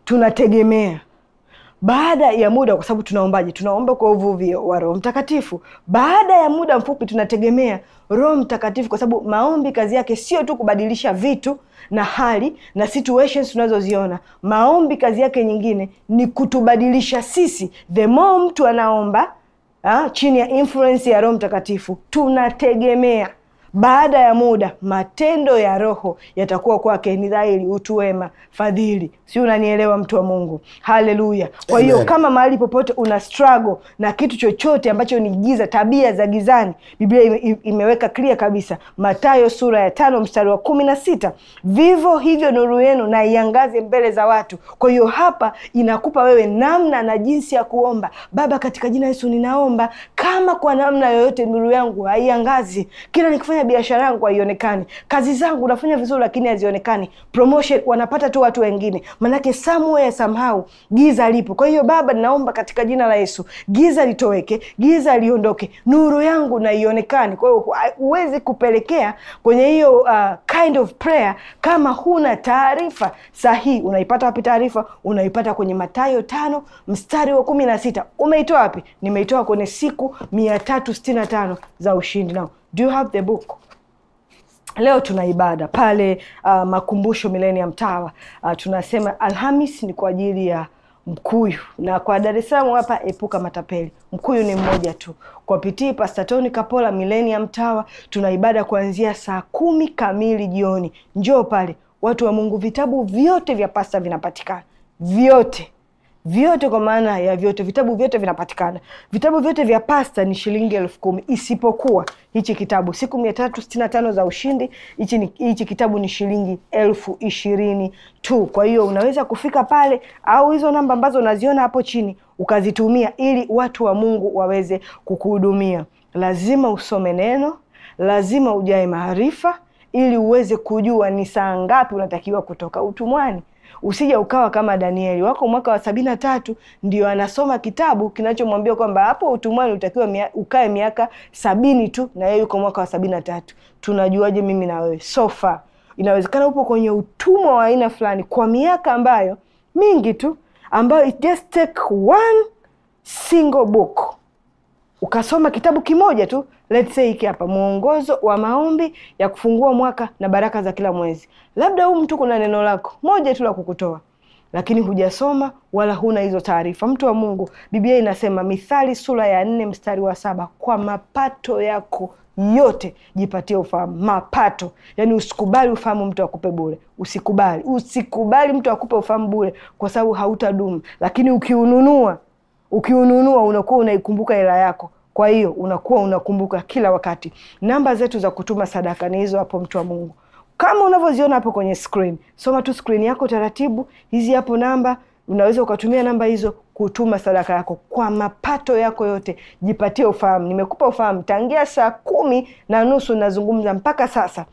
tunategemea baada ya muda, kwa sababu tunaombaje? Tunaomba kwa uvuvio wa Roho Mtakatifu. Baada ya muda mfupi, tunategemea Roho Mtakatifu, kwa sababu maombi kazi yake sio tu kubadilisha vitu na hali na situations tunazoziona. Maombi kazi yake nyingine ni kutubadilisha sisi. The more mtu anaomba ha, ah, chini ya influence ya Roho Mtakatifu, tunategemea baada ya muda matendo ya Roho yatakuwa kwake ni dhahiri, utu wema, fadhili. Si unanielewa mtu wa Mungu? Haleluya! Kwa hiyo kama mahali popote una struggle na kitu chochote ambacho ni giza, tabia za gizani, Biblia imeweka klia kabisa, matayo sura ya tano mstari wa kumi na sita vivo hivyo nuru yenu na iangaze mbele za watu. Kwa hiyo hapa inakupa wewe namna na jinsi ya kuomba. Baba, katika jina Yesu ninaomba, kama kwa namna yoyote nuru yangu haiangazi kila nikifanya nafanya biashara yangu haionekani, kazi zangu nafanya vizuri lakini hazionekani, promotion wanapata tu watu wengine, manake somewhere somehow giza lipo. Kwa hiyo Baba, ninaomba katika jina la Yesu giza litoweke, giza liondoke, nuru yangu naionekani. Kwa hiyo huwezi kupelekea kwenye hiyo uh, kind of prayer kama huna taarifa sahihi. Unaipata wapi taarifa? Unaipata kwenye matayo tano mstari wa kumi na sita. Umeitoa wapi? Nimeitoa kwenye siku mia tatu sitini na tano za ushindi nao do you have the book leo tuna ibada pale uh, makumbusho millennium tower uh, tunasema alhamis ni kwa ajili ya mkuyu na kwa dar es salaam hapa epuka matapeli mkuyu ni mmoja tu kwa Pastor Tony kapola millennium tower tuna ibada kuanzia saa kumi kamili jioni njoo pale watu wa mungu vitabu vyote vya pasta vinapatikana vyote vyote kwa maana ya vyote, vitabu vyote vinapatikana. Vitabu vyote vya pasta ni shilingi elfu kumi isipokuwa hichi kitabu siku mia tatu sitina tano za ushindi. Hichi, ni, hichi kitabu ni shilingi elfu ishirini tu. Kwa hiyo unaweza kufika pale au hizo namba ambazo unaziona hapo chini ukazitumia ili watu wa Mungu waweze kukuhudumia. Lazima usome neno, lazima ujae maarifa ili uweze kujua ni saa ngapi unatakiwa kutoka utumwani usija ukawa kama Danieli wako mwaka wa sabini na tatu ndio anasoma kitabu kinachomwambia kwamba hapo utumwani utakiwa mia, ukae miaka sabini tu na yeye yuko mwaka wa sabini na tatu tunajuaje mimi na wewe sofa inawezekana upo kwenye utumwa wa aina fulani kwa miaka ambayo mingi tu ambayo it just take one single book ukasoma kitabu kimoja tu let's say hiki hapa mwongozo wa maombi ya kufungua mwaka na baraka za kila mwezi. Labda huu mtu kuna neno lako moja tu la kukutoa, lakini hujasoma wala huna hizo taarifa. Mtu wa Mungu, Biblia inasema Mithali sura ya nne mstari wa saba kwa mapato yako yote jipatie ufahamu. Mapato yani, usikubali ufahamu mtu akupe bure, usikubali, usikubali mtu akupe ufahamu bure, kwa sababu hautadumu. Lakini ukiununua, ukiununua unakuwa unaikumbuka hela yako kwa hiyo unakuwa unakumbuka kila wakati. Namba zetu za kutuma sadaka ni hizo hapo, mtu wa Mungu, kama unavyoziona hapo kwenye screen. Soma tu screen yako taratibu, hizi hapo namba unaweza ukatumia namba hizo kutuma sadaka yako kwa mapato yako yote. Jipatie ufahamu, nimekupa ufahamu tangia saa kumi na nusu nazungumza mpaka sasa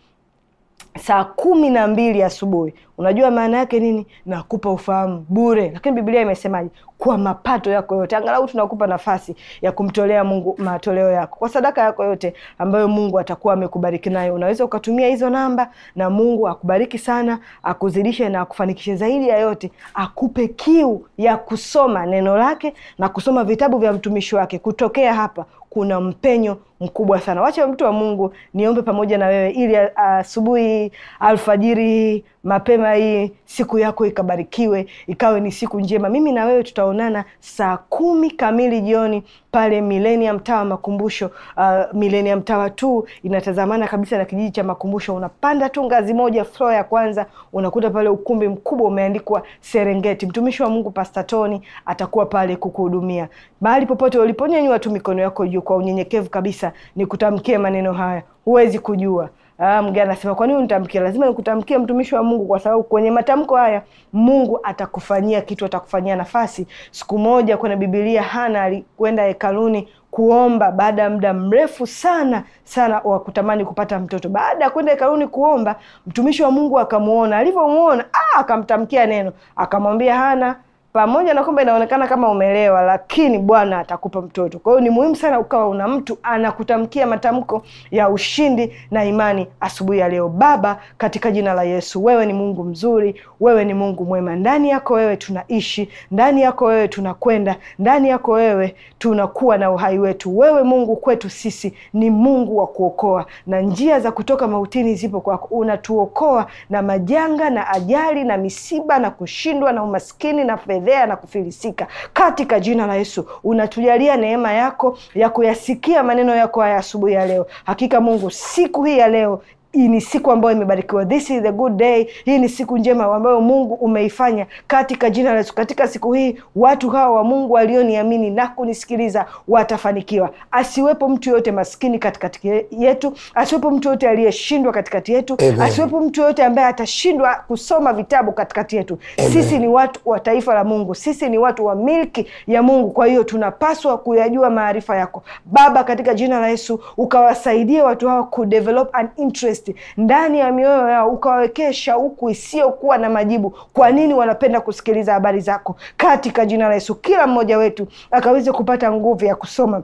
saa kumi na mbili asubuhi. Unajua maana yake nini? Nakupa ufahamu bure. Lakini Biblia imesemaje? Kwa mapato yako yote, angalau tunakupa nafasi ya kumtolea Mungu matoleo yako kwa sadaka yako yote ambayo Mungu atakuwa amekubariki nayo. Unaweza ukatumia hizo namba, na Mungu akubariki sana, akuzidishe na akufanikishe. Zaidi ya yote, akupe kiu ya kusoma neno lake na kusoma vitabu vya mtumishi wake. Kutokea hapa kuna mpenyo mkubwa sana. Wacha mtu wa Mungu niombe pamoja na wewe, ili uh, asubuhi, alfajiri, mapema hii siku yako ikabarikiwe, ikawe ni siku njema. Mimi na wewe tutaonana saa kumi kamili jioni pale Millennium Tower Makumbusho. Uh, Millennium Tower tu inatazamana kabisa na kijiji cha Makumbusho. Unapanda tu ngazi moja, floor ya kwanza, unakuta pale ukumbi mkubwa umeandikwa Serengeti. Mtumishi wa Mungu Pastor Tony atakuwa pale kukuhudumia. Mahali popote uliponyanyua tu mikono yako juu kwa unyenyekevu kabisa sasa nikutamkie maneno haya, huwezi kujua. Ah, mgeni anasema kwa nini nitamkia Lazima nikutamkie mtumishi wa Mungu, kwa sababu kwenye matamko haya Mungu atakufanyia kitu, atakufanyia nafasi. Siku moja kwenye bibilia Hana alikwenda hekaluni kuomba baada ya muda mrefu sana sana wa kutamani kupata mtoto. Baada ya kwenda hekaluni kuomba, mtumishi wa Mungu akamwona alivyomwona ah, akamtamkia neno, akamwambia Hana, pamoja na kwamba inaonekana kama umelewa, lakini Bwana atakupa mtoto. Kwa hiyo ni muhimu sana ukawa una mtu anakutamkia matamko ya ushindi na imani asubuhi ya leo. Baba, katika jina la Yesu, wewe ni Mungu mzuri, wewe ni Mungu mwema. Ndani yako wewe tunaishi, ndani yako wewe tunakwenda, ndani yako wewe tunakuwa na uhai wetu. Wewe Mungu kwetu sisi ni Mungu wa kuokoa, na njia za kutoka mautini zipo kwako. Unatuokoa na majanga na ajali na misiba na kushindwa na umaskini na fe kufedhea na kufilisika katika jina la Yesu. Unatujalia neema yako ya kuyasikia maneno yako haya asubuhi ya leo. Hakika Mungu, siku hii ya leo hii ni siku ambayo imebarikiwa, this is the good day. Hii ni siku njema ambayo Mungu umeifanya katika jina la Yesu. Katika siku hii watu hawa wa Mungu walioniamini na kunisikiliza watafanikiwa. Asiwepo mtu yoyote maskini katikati yetu, asiwepo mtu yoyote aliyeshindwa katikati yetu, asiwepo mtu yoyote ambaye atashindwa kusoma vitabu katikati yetu. Amen. Sisi ni watu wa taifa la Mungu, sisi ni watu wa milki ya Mungu. Kwa hiyo tunapaswa kuyajua maarifa yako Baba, katika jina la Yesu ukawasaidie watu hawa kudevelop an interest Kristi ndani ya mioyo yao, ukawawekee shauku isiyokuwa na majibu, kwa nini wanapenda kusikiliza habari zako, katika jina la Yesu kila mmoja wetu akaweze kupata nguvu ya kusoma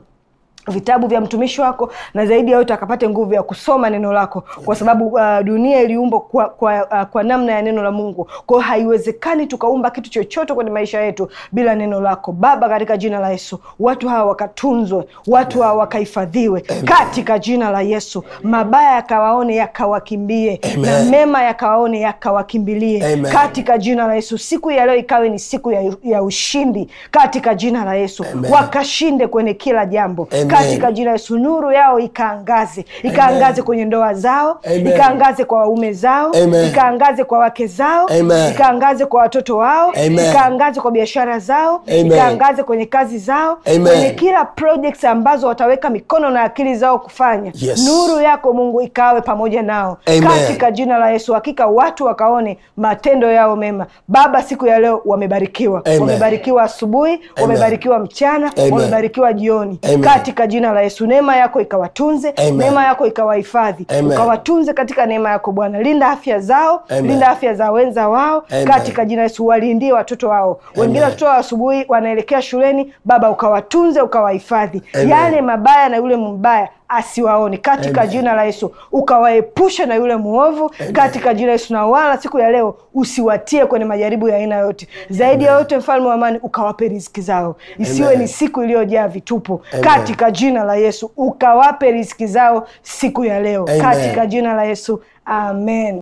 vitabu vya mtumishi wako, na zaidi ya yote akapate nguvu ya kusoma neno lako, kwa sababu uh, dunia iliumbwa kwa, kwa, uh, kwa namna ya neno la Mungu. Kwa haiwezekani tukaumba kitu chochote kwenye maisha yetu bila neno lako Baba, katika jina la Yesu watu hawa wakatunzwe, watu hawa wakahifadhiwe katika jina la Yesu. Mabaya yakawaone yakawakimbie, na mema yakawaone yakawakimbilie katika jina la Yesu. Siku ya leo ikawe ni siku ya, ya ushindi katika jina la Yesu. Wakashinde kwenye kila jambo Amen katika jina Yesu, nuru yao ikaangaze, ikaangaze kwenye ndoa zao, ikaangaze kwa waume zao, ikaangaze kwa wake zao, ikaangaze kwa watoto wao, ikaangaze kwa biashara zao, ikaangaze kwenye kazi zao, kwenye kila projects ambazo wataweka mikono na akili zao kufanya. Yes. Nuru yako Mungu ikawe pamoja nao katika jina la Yesu, hakika watu wakaone matendo yao mema. Baba, siku ya leo wamebarikiwa, wamebarikiwa asubuhi, wamebarikiwa mchana, wamebarikiwa jioni katika jina la Yesu. Neema yako ikawatunze, neema yako ikawahifadhi, ukawatunze katika neema yako Bwana. Linda afya zao, Amen. linda afya za wenza wao Amen. katika jina Yesu. Walindie watoto wao, wengine watoto wao asubuhi wanaelekea shuleni, Baba ukawatunze, ukawahifadhi yale mabaya na yule mbaya asiwaoni katika Amen. jina la Yesu, ukawaepushe na yule mwovu katika jina la Yesu, na wala siku ya leo usiwatie kwenye majaribu ya aina yote. Zaidi ya yote, mfalme wa amani, ukawape riziki zao, isiwe ni siku iliyojaa vitupu Amen. katika jina la Yesu, ukawape riziki zao siku ya leo Amen. katika jina la Yesu, amen.